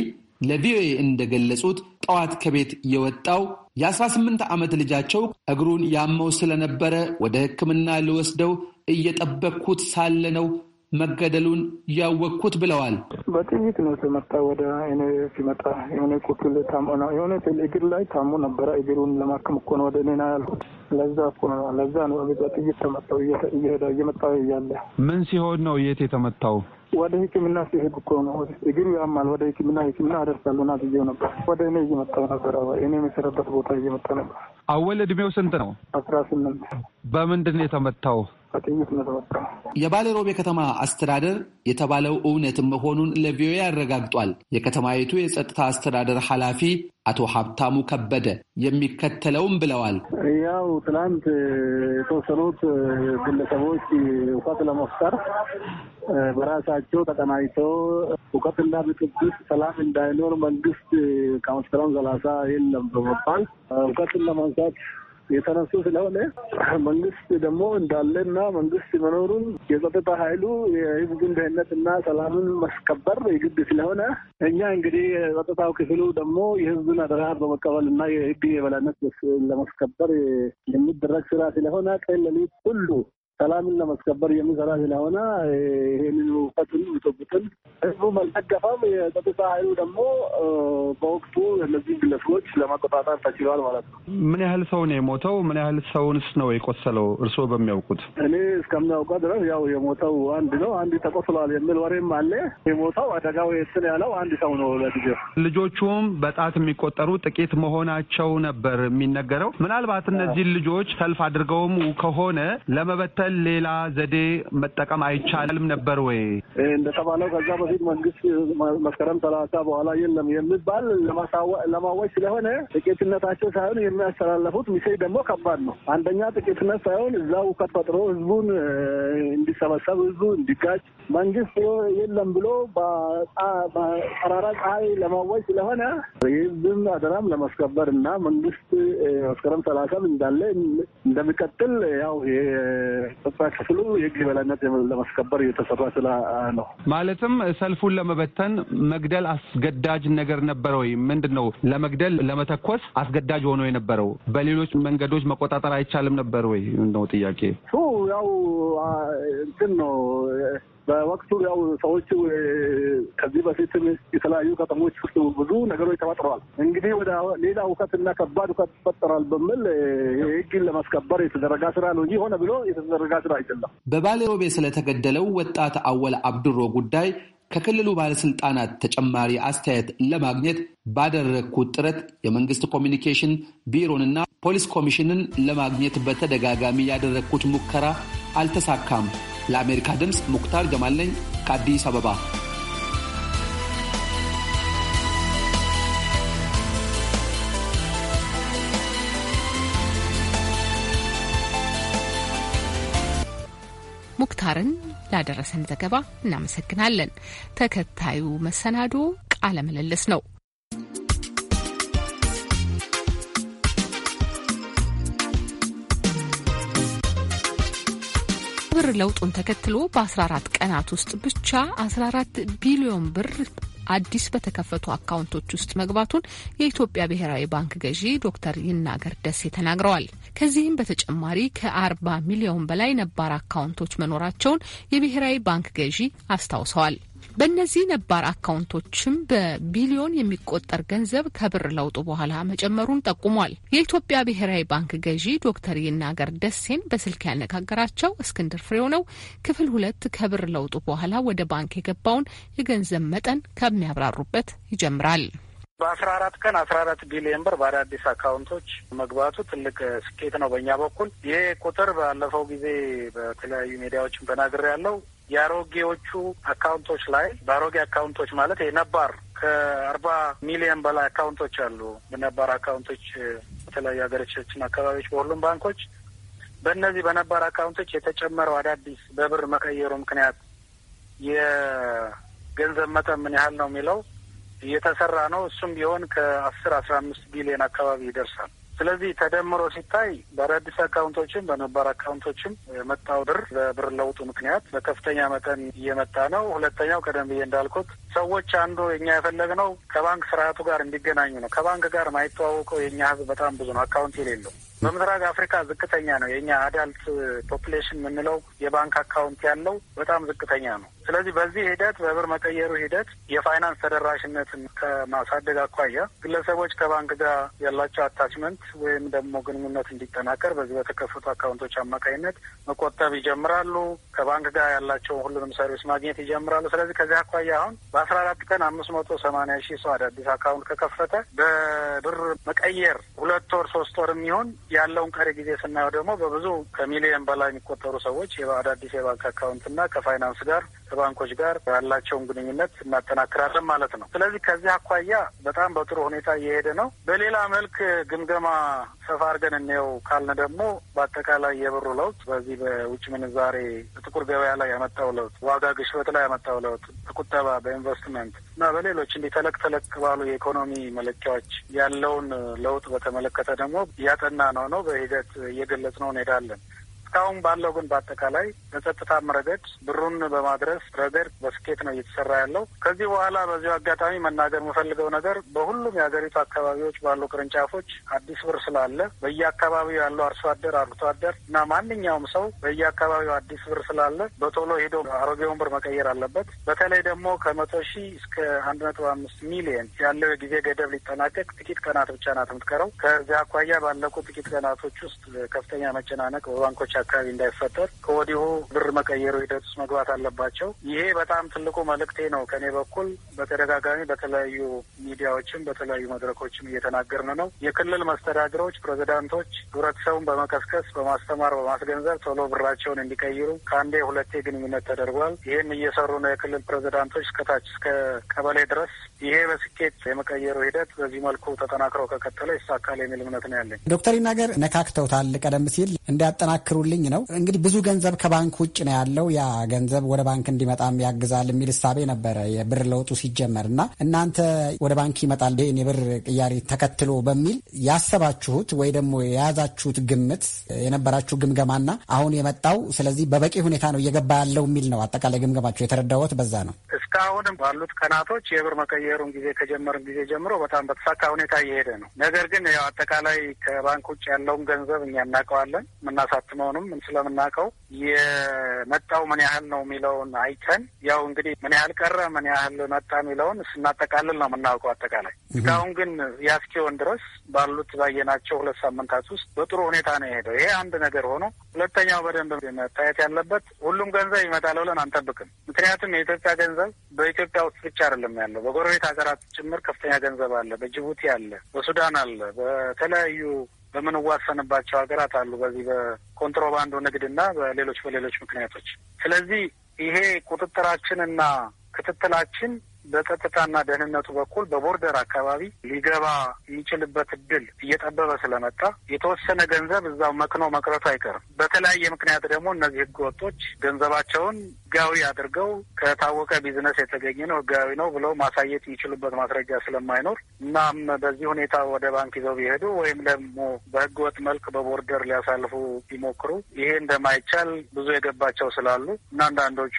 ለቪኦኤ እንደገለጹት ጠዋት ከቤት የወጣው የ18 ዓመት ልጃቸው እግሩን ያመው ስለነበረ ወደ ሕክምና ልወስደው እየጠበቅኩት ሳለ ነው መገደሉን ያወቅኩት ብለዋል።
በጥይት ነው ስመጣ ወደ እኔ ሲመጣ የሆነ ቁትል ታሞ ነው የሆነ እግር ላይ ታሞ ነበረ። እግሩን ለማከም እኮ ነው ወደ እኔና ያልኩት። ለዛ እኮ ነው ለዛ ነው በጥይት ተመጣው እየሄዳ እየመጣ እያለ
ምን ሲሆን ነው የት የተመታው?
ወደ ሕክምና ሲሄድ እኮ ነው። እግሩ ያማል። ወደ ሕክምና ሕክምና አደርሳለሁ ና ብዬው ነበር። ወደ እኔ እየመጣው ነበር። እኔ የምሰራበት ቦታ እየመጣ ነበር።
አወል እድሜው ስንት ነው? አስራ ስምንት በምንድን ነው የተመታው? በጥይት ነው የተወጋው። ከተማ አስተዳደር
የተባለው እውነት መሆኑን ለቪኦኤ አረጋግጧል። የከተማይቱ የጸጥታ አስተዳደር ኃላፊ አቶ ሀብታሙ ከበደ የሚከተለውም ብለዋል።
ያው ትናንት የተወሰኑት ግለሰቦች እውቀት ለመፍጠር በራሳቸው ተቀናጅተው እውቀት እንዳብጥብጥ ሰላም እንዳይኖር መንግስት ከመስከረም ሰላሳ የለም በመባል እውቀትን ለማንሳት የተነሱ ስለሆነ መንግስት ደግሞ እንዳለና መንግስት መኖሩን የጸጥታ ኃይሉ የህዝብን ደህንነትና ሰላምን ማስከበር የግድ ስለሆነ እኛ እንግዲህ የጸጥታው ክፍሉ ደግሞ የህዝብን አደራ በመቀበልና የህግ የበላይነት ለማስከበር የሚደረግ ስራ ስለሆነ ቀን ሁሉ ሰላምን ለማስከበር የሚሰራ ስለሆነ ይሄንን ውፈትን ብጥብጥን ህዝቡ አልደገፈም። የጸጥታ ኃይሉ ደግሞ በወቅቱ እነዚህ ግለሰቦች ለመቆጣጠር ተችሏል ማለት ነው።
ምን ያህል ሰው ነው የሞተው? ምን ያህል ሰውንስ ነው የቆሰለው? እርስዎ በሚያውቁት?
እኔ እስከሚያውቀው ድረስ ያው የሞተው አንድ ነው፣ አንድ ተቆስሏል የሚል ወሬም አለ። የሞተው አደጋው የስን ያለው አንድ ሰው ነው። ለጊዜው
ልጆቹም በጣት የሚቆጠሩ ጥቂት መሆናቸው ነበር የሚነገረው። ምናልባት እነዚህን ልጆች ሰልፍ አድርገውም ከሆነ ለመበተ መሰል ሌላ ዘዴ መጠቀም አይቻልም ነበር ወይ?
እንደተባለው ከዛ በፊት መንግስት መስከረም ሰላሳ በኋላ የለም የሚባል ለማወጅ ስለሆነ ጥቂትነታቸው ሳይሆን የሚያስተላለፉት ሚሴ ደግሞ ከባድ ነው። አንደኛ ጥቂትነት ሳይሆን እዛ ውከት ፈጥሮ ህዝቡን እንዲሰበሰብ ህዝቡ እንዲጋጭ መንግስት የለም ብሎ በጠራራ ፀሐይ ለማወጅ ስለሆነ የህዝብን አደራም ለማስከበር እና መንግስት መስከረም ሰላሳም እንዳለ እንደሚቀጥል ያው ጸጥታ ክፍሉ የህግ የበላይነት ለማስከበር እየተሰራ ስለ
ነው። ማለትም ሰልፉን ለመበተን መግደል አስገዳጅ ነገር ነበረ ወይ? ምንድን ነው ለመግደል ለመተኮስ አስገዳጅ ሆኖ የነበረው? በሌሎች መንገዶች መቆጣጠር አይቻልም ነበር ወይ ነው ጥያቄ።
ያው እንትን ነው በወቅቱ ያው ሰዎቹ ከዚህ በፊትም የተለያዩ ከተሞች ውስጥ ብዙ ነገሮች ተፈጥረዋል። እንግዲህ ወደ ሌላ እውቀትና ከባድ እውቀት ይፈጠራል በሚል ህግን ለማስከበር የተዘረጋ ስራ ነው እንጂ ሆነ ብሎ የተዘረጋ ስራ አይደለም።
በባሌሮቤ ስለተገደለው ወጣት አወል አብድሮ ጉዳይ ከክልሉ ባለስልጣናት ተጨማሪ አስተያየት ለማግኘት ባደረግኩት ጥረት የመንግስት ኮሚኒኬሽን ቢሮንና ፖሊስ ኮሚሽንን ለማግኘት በተደጋጋሚ ያደረግኩት ሙከራ አልተሳካም። ለአሜሪካ ድምፅ ሙክታር ጀማል ነኝ ከአዲስ አበባ።
ሙክታርን ላደረሰን ዘገባ እናመሰግናለን። ተከታዩ መሰናዶ ቃለ ምልልስ ነው። የብር ለውጡን ተከትሎ በ14 ቀናት ውስጥ ብቻ 14 ቢሊዮን ብር አዲስ በተከፈቱ አካውንቶች ውስጥ መግባቱን የኢትዮጵያ ብሔራዊ ባንክ ገዢ ዶክተር ይናገር ደሴ ተናግረዋል። ከዚህም በተጨማሪ ከ40 ሚሊዮን በላይ ነባር አካውንቶች መኖራቸውን የብሔራዊ ባንክ ገዢ አስታውሰዋል። በእነዚህ ነባር አካውንቶችም በቢሊዮን የሚቆጠር ገንዘብ ከብር ለውጡ በኋላ መጨመሩን ጠቁሟል። የኢትዮጵያ ብሔራዊ ባንክ ገዢ ዶክተር ይናገር ደሴን በስልክ ያነጋገራቸው እስክንድር ፍሬው ነው። ክፍል ሁለት ከብር ለውጡ በኋላ ወደ ባንክ የገባውን የገንዘብ መጠን ከሚያብራሩበት ይጀምራል።
በአስራ አራት ቀን አስራ አራት ቢሊዮን ብር በአዳዲስ አካውንቶች መግባቱ ትልቅ ስኬት ነው በእኛ በኩል። ይሄ ቁጥር ባለፈው ጊዜ በተለያዩ ሚዲያዎችን ተናግሬ ያለው የአሮጌዎቹ አካውንቶች ላይ በአሮጌ አካውንቶች ማለት የነባር ከአርባ ሚሊዮን በላይ አካውንቶች አሉ። በነባር አካውንቶች በተለያዩ ሀገሮቻችን አካባቢዎች በሁሉም ባንኮች በእነዚህ በነባር አካውንቶች የተጨመረው አዳዲስ በብር መቀየሩ ምክንያት የገንዘብ መጠን ምን ያህል ነው የሚለው እየተሰራ ነው። እሱም ቢሆን ከአስር አስራ አምስት ቢሊዮን አካባቢ ይደርሳል። ስለዚህ ተደምሮ ሲታይ በአዳዲስ አካውንቶችም በነባር አካውንቶችም የመጣው ብር በብር ለውጡ ምክንያት በከፍተኛ መጠን እየመጣ ነው። ሁለተኛው ቀደም ብዬ እንዳልኩት ሰዎች አንዱ የኛ የፈለግነው ከባንክ ስርዓቱ ጋር እንዲገናኙ ነው። ከባንክ ጋር ማይተዋወቀው የኛ ህዝብ በጣም ብዙ ነው። አካውንት የሌለው በምስራቅ አፍሪካ ዝቅተኛ ነው። የእኛ አዳልት ፖፕሌሽን የምንለው የባንክ አካውንት ያለው በጣም ዝቅተኛ ነው። ስለዚህ በዚህ ሂደት በብር መቀየሩ ሂደት የፋይናንስ ተደራሽነትን ከማሳደግ አኳያ ግለሰቦች ከባንክ ጋር ያላቸው አታችመንት ወይም ደግሞ ግንኙነት እንዲጠናከር በዚህ በተከፈቱ አካውንቶች አማካኝነት መቆጠብ ይጀምራሉ። ከባንክ ጋር ያላቸውን ሁሉንም ሰርቪስ ማግኘት ይጀምራሉ። ስለዚህ ከዚህ አኳያ አሁን በአስራ አራት ቀን አምስት መቶ ሰማኒያ ሺህ ሰው አዳዲስ አካውንት ከከፈተ በብር መቀየር ሁለት ወር ሶስት ወር የሚሆን ያለውን ቀሪ ጊዜ ስናየው ደግሞ በብዙ ከሚሊዮን በላይ የሚቆጠሩ ሰዎች አዳዲስ የባንክ አካውንትና ከፋይናንስ ጋር ከባንኮች ጋር ያላቸውን ግንኙነት እናጠናክራለን ማለት ነው። ስለዚህ ከዚህ አኳያ በጣም በጥሩ ሁኔታ እየሄደ ነው። በሌላ መልክ ግምገማ ሰፋ አድርገን እንየው ካልን ደግሞ በአጠቃላይ የብሩ ለውጥ በዚህ በውጭ ምንዛሬ በጥቁር ገበያ ላይ ያመጣው ለውጥ፣ ዋጋ ግሽበት ላይ ያመጣው ለውጥ፣ በቁጠባ በኢንቨስትመንት እና በሌሎች እንዲህ ተለቅ ተለቅ ባሉ የኢኮኖሚ መለኪያዎች ያለውን ለውጥ በተመለከተ ደግሞ እያጠና ነው ነው በሂደት እየገለጽ ነው እንሄዳለን። እስካሁን ባለው ግን በአጠቃላይ በጸጥታም ረገድ ብሩን በማድረስ ረገድ በስኬት ነው እየተሰራ ያለው። ከዚህ በኋላ በዚሁ አጋጣሚ መናገር የምፈልገው ነገር በሁሉም የሀገሪቱ አካባቢዎች ባሉ ቅርንጫፎች አዲስ ብር ስላለ በየአካባቢው ያለው አርሶ አደር፣ አርብቶ አደር እና ማንኛውም ሰው በየአካባቢው አዲስ ብር ስላለ በቶሎ ሄዶ አሮጌውን ብር መቀየር አለበት። በተለይ ደግሞ ከመቶ ሺህ እስከ አንድ ነጥብ አምስት ሚሊየን ያለው የጊዜ ገደብ ሊጠናቀቅ ጥቂት ቀናት ብቻ ናት የምትቀረው። ከዚያ አኳያ ባለቁ ጥቂት ቀናቶች ውስጥ ከፍተኛ መጨናነቅ በባንኮች አካባቢ እንዳይፈጠር ከወዲሁ ብር መቀየሩ ሂደት ውስጥ መግባት አለባቸው። ይሄ በጣም ትልቁ መልእክቴ ነው ከኔ በኩል። በተደጋጋሚ በተለያዩ ሚዲያዎችም በተለያዩ መድረኮችም እየተናገርን ነው። የክልል መስተዳድሮች፣ ፕሬዚዳንቶች ህብረተሰቡን በመቀስቀስ በማስተማር በማስገንዘብ ቶሎ ብራቸውን እንዲቀይሩ ከአንዴ ሁለቴ ግንኙነት ተደርጓል። ይህም እየሰሩ ነው የክልል ፕሬዚዳንቶች እስከታች እስከ ቀበሌ ድረስ። ይሄ በስኬት የመቀየሩ ሂደት በዚህ መልኩ ተጠናክረው ከቀጠለ ይሳካል የሚል እምነት ነው ያለኝ።
ዶክተር ይናገር ነካክተውታል። ቀደም ሲል እንዲያጠናክሩ እያቀረቡልኝ ነው። እንግዲህ ብዙ ገንዘብ ከባንክ ውጭ ነው ያለው። ያ ገንዘብ ወደ ባንክ እንዲመጣም ያግዛል የሚል እሳቤ ነበረ የብር ለውጡ ሲጀመር እና እናንተ ወደ ባንክ ይመጣል ይህን የብር ቅያሬ ተከትሎ በሚል ያሰባችሁት ወይ ደግሞ የያዛችሁት ግምት የነበራችሁ ግምገማና አሁን የመጣው ስለዚህ በበቂ ሁኔታ ነው እየገባ ያለው የሚል ነው አጠቃላይ ግምገማችሁ? የተረዳሁት በዛ ነው።
እስካሁንም ባሉት ቀናቶች የብር መቀየሩን ጊዜ ከጀመርን ጊዜ ጀምሮ በጣም በተሳካ ሁኔታ እየሄደ ነው። ነገር ግን ያው አጠቃላይ ከባንክ ውጭ ያለውን ገንዘብ እኛ እናውቀዋለን፣ የምናሳትመው መሆኑንም ስለምናውቀው የመጣው ምን ያህል ነው የሚለውን አይተን ያው እንግዲህ ምን ያህል ቀረ ምን ያህል መጣ የሚለውን ስናጠቃልል ነው የምናውቀው። አጠቃላይ እስካሁን ግን ያስኪሆን ድረስ ባሉት ባየናቸው ሁለት ሳምንታት ውስጥ በጥሩ ሁኔታ ነው የሄደው። ይሄ አንድ ነገር ሆኖ፣ ሁለተኛው በደንብ መታየት ያለበት ሁሉም ገንዘብ ይመጣል ብለን አንጠብቅም። ምክንያቱም የኢትዮጵያ ገንዘብ በኢትዮጵያ ውስጥ ብቻ አይደለም ያለው፣ በጎረቤት ሀገራት ጭምር ከፍተኛ ገንዘብ አለ። በጅቡቲ አለ፣ በሱዳን አለ፣ በተለያዩ በምንዋሰንባቸው ሀገራት አሉ በዚህ በኮንትሮባንዶ ንግድና በሌሎች በሌሎች ምክንያቶች። ስለዚህ ይሄ ቁጥጥራችንና ክትትላችን በጸጥታና ደህንነቱ በኩል በቦርደር አካባቢ ሊገባ የሚችልበት እድል እየጠበበ ስለመጣ የተወሰነ ገንዘብ እዛው መክኖ መቅረቱ አይቀርም። በተለያየ ምክንያት ደግሞ እነዚህ ህገ ወጦች ገንዘባቸውን ህጋዊ አድርገው ከታወቀ ቢዝነስ የተገኘ ነው ህጋዊ ነው ብለው ማሳየት የሚችሉበት ማስረጃ ስለማይኖር እናም በዚህ ሁኔታ ወደ ባንክ ይዘው ቢሄዱ ወይም ደግሞ በህገ ወጥ መልክ በቦርደር ሊያሳልፉ ቢሞክሩ ይሄ እንደማይቻል ብዙ የገባቸው ስላሉ እና አንዳንዶቹ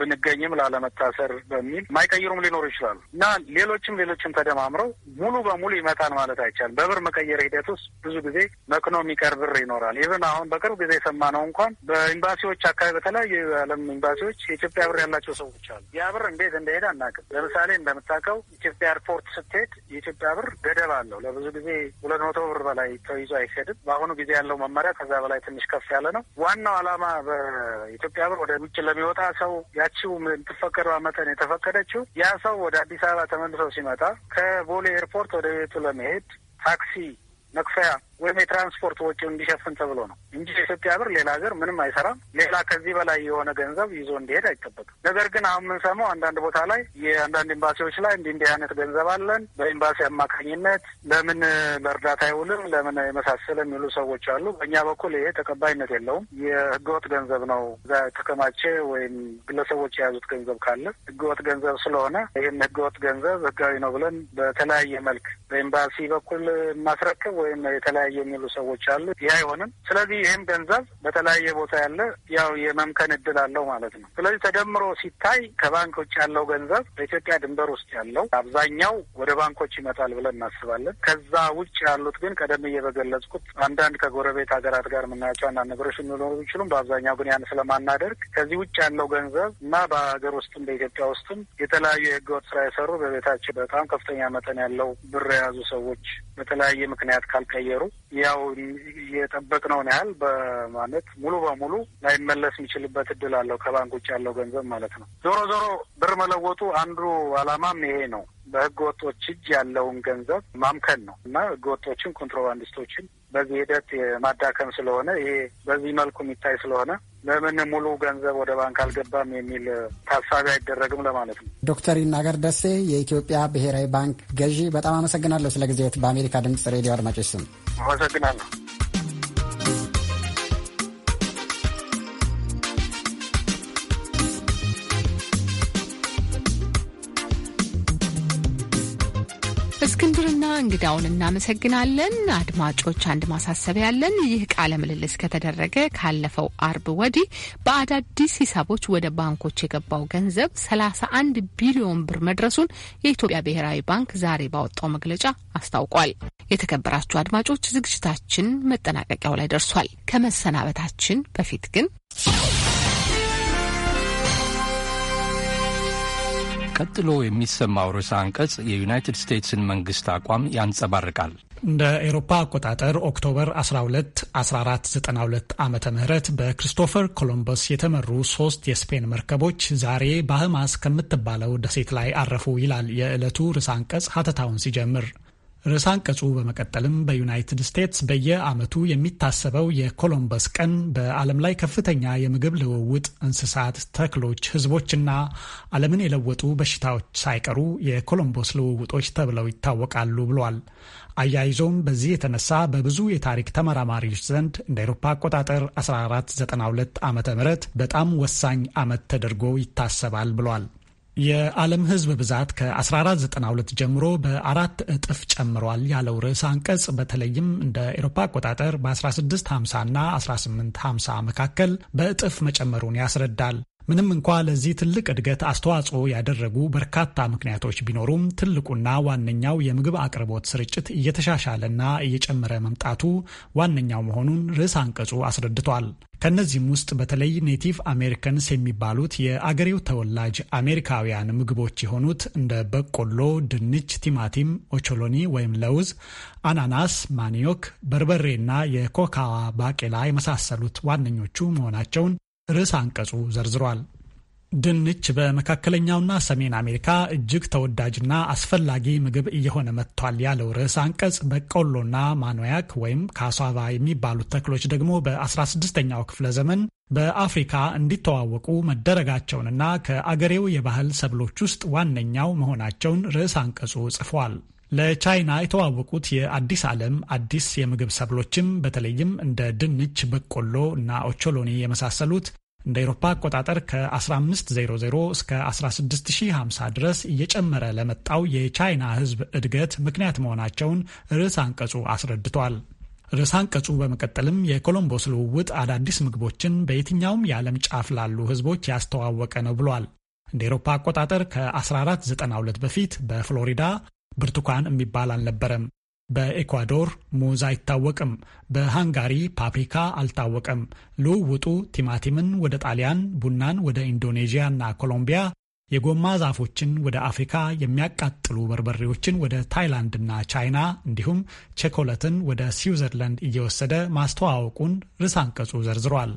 ብንገኝም ላለመታሰር በሚል ማይቀይሩም ሊኖሩ ይችላሉ እና ሌሎችም ሌሎችም ተደማምረው ሙሉ በሙሉ ይመጣል ማለት አይቻልም። በብር መቀየር ሂደት ውስጥ ብዙ ጊዜ መክኖ የሚቀር ብር ይኖራል። ኢቨን አሁን በቅርብ ጊዜ የሰማነው እንኳን በኤምባሲዎች አካባቢ በተለያዩ የዓለም ኤምባሲዎች የኢትዮጵያ ብር ያላቸው ሰዎች አሉ። ያ ብር እንዴት እንደሄደ አናውቅም። ለምሳሌ እንደምታውቀው ኢትዮጵያ ኤርፖርት ስትሄድ የኢትዮጵያ ብር ገደብ አለው። ለብዙ ጊዜ ሁለት መቶ ብር በላይ ተይዞ አይሄድም። በአሁኑ ጊዜ ያለው መመሪያ ከዛ በላይ ትንሽ ከፍ ያለ ነው። ዋናው ዓላማ በኢትዮጵያ ብር ወደ ውጭ ለሚወጣ ሰው ያቺው የምትፈቀደው መጠን የተፈቀደችው ያ ሰው ወደ አዲስ አበባ ተመልሶ ሲመጣ ከቦሌ ኤርፖርት ወደ ቤቱ ለመሄድ ታክሲ መክፈያ ወይም የትራንስፖርት ወጪ እንዲሸፍን ተብሎ ነው እንጂ የኢትዮጵያ ብር ሌላ ሀገር ምንም አይሰራም። ሌላ ከዚህ በላይ የሆነ ገንዘብ ይዞ እንዲሄድ አይጠበቅም። ነገር ግን አሁን የምንሰማው አንዳንድ ቦታ ላይ የአንዳንድ ኤምባሲዎች ላይ እንዲህ እንዲህ አይነት ገንዘብ አለን በኤምባሲ አማካኝነት ለምን በእርዳታ አይውልም ለምን የመሳሰለ የሚሉ ሰዎች አሉ። በእኛ በኩል ይሄ ተቀባይነት የለውም። የህገወጥ ገንዘብ ነው እዛ የተከማቸ ወይም ግለሰቦች የያዙት ገንዘብ ካለ ህገወጥ ገንዘብ ስለሆነ ይህን ህገወጥ ገንዘብ ህጋዊ ነው ብለን በተለያየ መልክ በኤምባሲ በኩል ማስረክብ ወይም የተለያየ የሚሉ ሰዎች አሉ። ይህ አይሆንም። ስለዚህ ይህም ገንዘብ በተለያየ ቦታ ያለ ያው የመምከን እድል አለው ማለት ነው። ስለዚህ ተደምሮ ሲታይ ከባንኮች ያለው ገንዘብ በኢትዮጵያ ድንበር ውስጥ ያለው አብዛኛው ወደ ባንኮች ይመጣል ብለን እናስባለን። ከዛ ውጭ ያሉት ግን ቀደም እየበገለጽኩት አንዳንድ ከጎረቤት ሀገራት ጋር የምናያቸው አንዳንድ ነገሮች ሊኖሩ ቢችሉም በአብዛኛው ግን ያን ስለማናደርግ ከዚህ ውጭ ያለው ገንዘብ እና በሀገር ውስጥም በኢትዮጵያ ውስጥም የተለያዩ የህገወጥ ስራ የሰሩ በቤታቸው በጣም ከፍተኛ መጠን ያለው ብር የያዙ ሰዎች በተለያየ ምክንያት ካልቀየሩ ያው ነው ያህል በማለት ሙሉ በሙሉ ላይመለስ የሚችልበት እድል አለው ከባንክ ውጭ ያለው ገንዘብ ማለት ነው። ዞሮ ዞሮ ብር መለወጡ አንዱ አላማም ይሄ ነው። በህገ ወጦች እጅ ያለውን ገንዘብ ማምከን ነው እና ህገ ወጦችን ኮንትሮባንዲስቶችን በዚህ ሂደት ማዳከም ስለሆነ ይሄ በዚህ መልኩ የሚታይ ስለሆነ ለምን ሙሉ ገንዘብ ወደ ባንክ አልገባም የሚል ታሳቢ አይደረግም ለማለት ነው።
ዶክተር ይናገር ደሴ የኢትዮጵያ ብሔራዊ ባንክ ገዢ፣ በጣም አመሰግናለሁ ስለ ጊዜዎት። በአሜሪካ ድምጽ ሬዲዮ አድማጮች ስም
አመሰግናለሁ።
እንግዳውን እናመሰግናለን። አድማጮች፣ አንድ ማሳሰቢያ ያለን ይህ ቃለ ምልልስ ከተደረገ ካለፈው አርብ ወዲህ በአዳዲስ ሂሳቦች ወደ ባንኮች የገባው ገንዘብ 31 ቢሊዮን ብር መድረሱን የኢትዮጵያ ብሔራዊ ባንክ ዛሬ ባወጣው መግለጫ አስታውቋል። የተከበራችሁ አድማጮች፣ ዝግጅታችን መጠናቀቂያው ላይ ደርሷል። ከመሰናበታችን በፊት ግን
ቀጥሎ የሚሰማው ርዕሰ አንቀጽ የዩናይትድ ስቴትስን መንግስት አቋም ያንጸባርቃል።
እንደ ኤሮፓ አቆጣጠር ኦክቶበር 12 1492 ዓ ም በክሪስቶፈር ኮሎምበስ የተመሩ ሶስት የስፔን መርከቦች ዛሬ ባህማስ ከምትባለው ደሴት ላይ አረፉ ይላል የዕለቱ ርዕሰ አንቀጽ ሀተታውን ሲጀምር ርዕሰ አንቀጹ በመቀጠልም በዩናይትድ ስቴትስ በየዓመቱ የሚታሰበው የኮሎምበስ ቀን በዓለም ላይ ከፍተኛ የምግብ ልውውጥ፣ እንስሳት፣ ተክሎች፣ ህዝቦችና ዓለምን የለወጡ በሽታዎች ሳይቀሩ የኮሎምቦስ ልውውጦች ተብለው ይታወቃሉ ብሏል። አያይዞም በዚህ የተነሳ በብዙ የታሪክ ተመራማሪዎች ዘንድ እንደ አውሮፓ አቆጣጠር 1492 ዓ ም በጣም ወሳኝ ዓመት ተደርጎ ይታሰባል ብሏል። የዓለም ሕዝብ ብዛት ከ1492 ጀምሮ በአራት እጥፍ ጨምሯል ያለው ርዕሰ አንቀጽ በተለይም እንደ ኤሮፓ አቆጣጠር በ1650 እና 1850 መካከል በእጥፍ መጨመሩን ያስረዳል። ምንም እንኳ ለዚህ ትልቅ እድገት አስተዋጽኦ ያደረጉ በርካታ ምክንያቶች ቢኖሩም ትልቁና ዋነኛው የምግብ አቅርቦት ስርጭት እየተሻሻለና እየጨመረ መምጣቱ ዋነኛው መሆኑን ርዕስ አንቀጹ አስረድቷል። ከእነዚህም ውስጥ በተለይ ኔቲቭ አሜሪካንስ የሚባሉት የአገሬው ተወላጅ አሜሪካውያን ምግቦች የሆኑት እንደ በቆሎ፣ ድንች፣ ቲማቲም፣ ኦቾሎኒ ወይም ለውዝ፣ አናናስ፣ ማኒዮክ፣ በርበሬና የኮካዋ ባቄላ የመሳሰሉት ዋነኞቹ መሆናቸውን ርዕስ አንቀጹ ዘርዝሯል። ድንች በመካከለኛውና ሰሜን አሜሪካ እጅግ ተወዳጅና አስፈላጊ ምግብ እየሆነ መጥቷል ያለው ርዕስ አንቀጽ በቆሎና ማኖያክ ወይም ካሳቫ የሚባሉት ተክሎች ደግሞ በ16ኛው ክፍለ ዘመን በአፍሪካ እንዲተዋወቁ መደረጋቸውንና ከአገሬው የባህል ሰብሎች ውስጥ ዋነኛው መሆናቸውን ርዕስ አንቀጹ ጽፏል። ለቻይና የተዋወቁት የአዲስ ዓለም አዲስ የምግብ ሰብሎችም በተለይም እንደ ድንች፣ በቆሎ እና ኦቾሎኒ የመሳሰሉት እንደ ኤሮፓ አቆጣጠር ከ1500 እስከ 16050 ድረስ እየጨመረ ለመጣው የቻይና ሕዝብ እድገት ምክንያት መሆናቸውን ርዕስ አንቀጹ አስረድቷል። ርዕስ አንቀጹ በመቀጠልም የኮሎምቦስ ልውውጥ አዳዲስ ምግቦችን በየትኛውም የዓለም ጫፍ ላሉ ሕዝቦች ያስተዋወቀ ነው ብሏል። እንደ ኤሮፓ አቆጣጠር ከ1492 በፊት በፍሎሪዳ ብርቱካን የሚባል አልነበረም። በኤኳዶር ሙዝ አይታወቅም። በሃንጋሪ ፓፕሪካ አልታወቀም። ልውውጡ ቲማቲምን ወደ ጣሊያን፣ ቡናን ወደ ኢንዶኔዥያ እና ኮሎምቢያ፣ የጎማ ዛፎችን ወደ አፍሪካ፣ የሚያቃጥሉ በርበሬዎችን ወደ ታይላንድ እና ቻይና እንዲሁም ቸኮለትን ወደ ስዊዘርላንድ እየወሰደ ማስተዋወቁን ርዕሰ አንቀጹ ዘርዝሯል።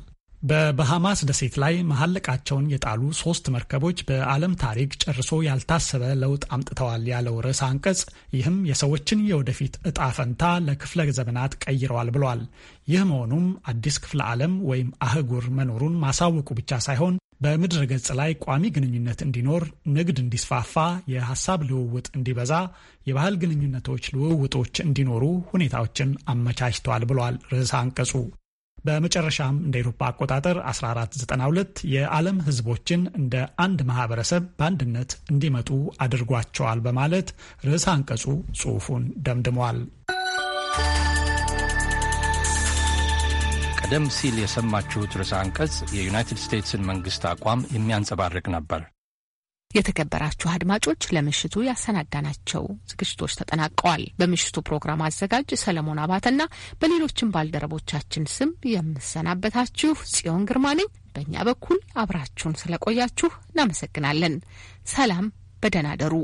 በባሃማስ ደሴት ላይ መሐለቃቸውን የጣሉ ሶስት መርከቦች በዓለም ታሪክ ጨርሶ ያልታሰበ ለውጥ አምጥተዋል ያለው ርዕስ አንቀጽ ይህም የሰዎችን የወደፊት እጣ ፈንታ ለክፍለ ዘመናት ቀይረዋል ብሏል። ይህ መሆኑም አዲስ ክፍለ ዓለም ወይም አህጉር መኖሩን ማሳወቁ ብቻ ሳይሆን በምድረ ገጽ ላይ ቋሚ ግንኙነት እንዲኖር፣ ንግድ እንዲስፋፋ፣ የሐሳብ ልውውጥ እንዲበዛ፣ የባህል ግንኙነቶች ልውውጦች እንዲኖሩ ሁኔታዎችን አመቻችተዋል ብሏል ርዕስ አንቀጹ። በመጨረሻም እንደ ኤሮፓ አቆጣጠር 1492 የዓለም ህዝቦችን እንደ አንድ ማህበረሰብ በአንድነት እንዲመጡ አድርጓቸዋል በማለት ርዕሰ አንቀጹ ጽሑፉን ደምድሟል።
ቀደም ሲል የሰማችሁት ርዕሰ አንቀጽ የዩናይትድ ስቴትስን መንግስት አቋም የሚያንጸባርቅ ነበር።
የተከበራችሁ አድማጮች ለምሽቱ ያሰናዳናቸው ዝግጅቶች ተጠናቀዋል። በምሽቱ ፕሮግራም አዘጋጅ ሰለሞን አባተና በሌሎችም ባልደረቦቻችን ስም የምሰናበታችሁ ጽዮን ግርማ ነኝ። በእኛ በኩል አብራችሁን ስለቆያችሁ እናመሰግናለን። ሰላም፣ በደህና ደሩ።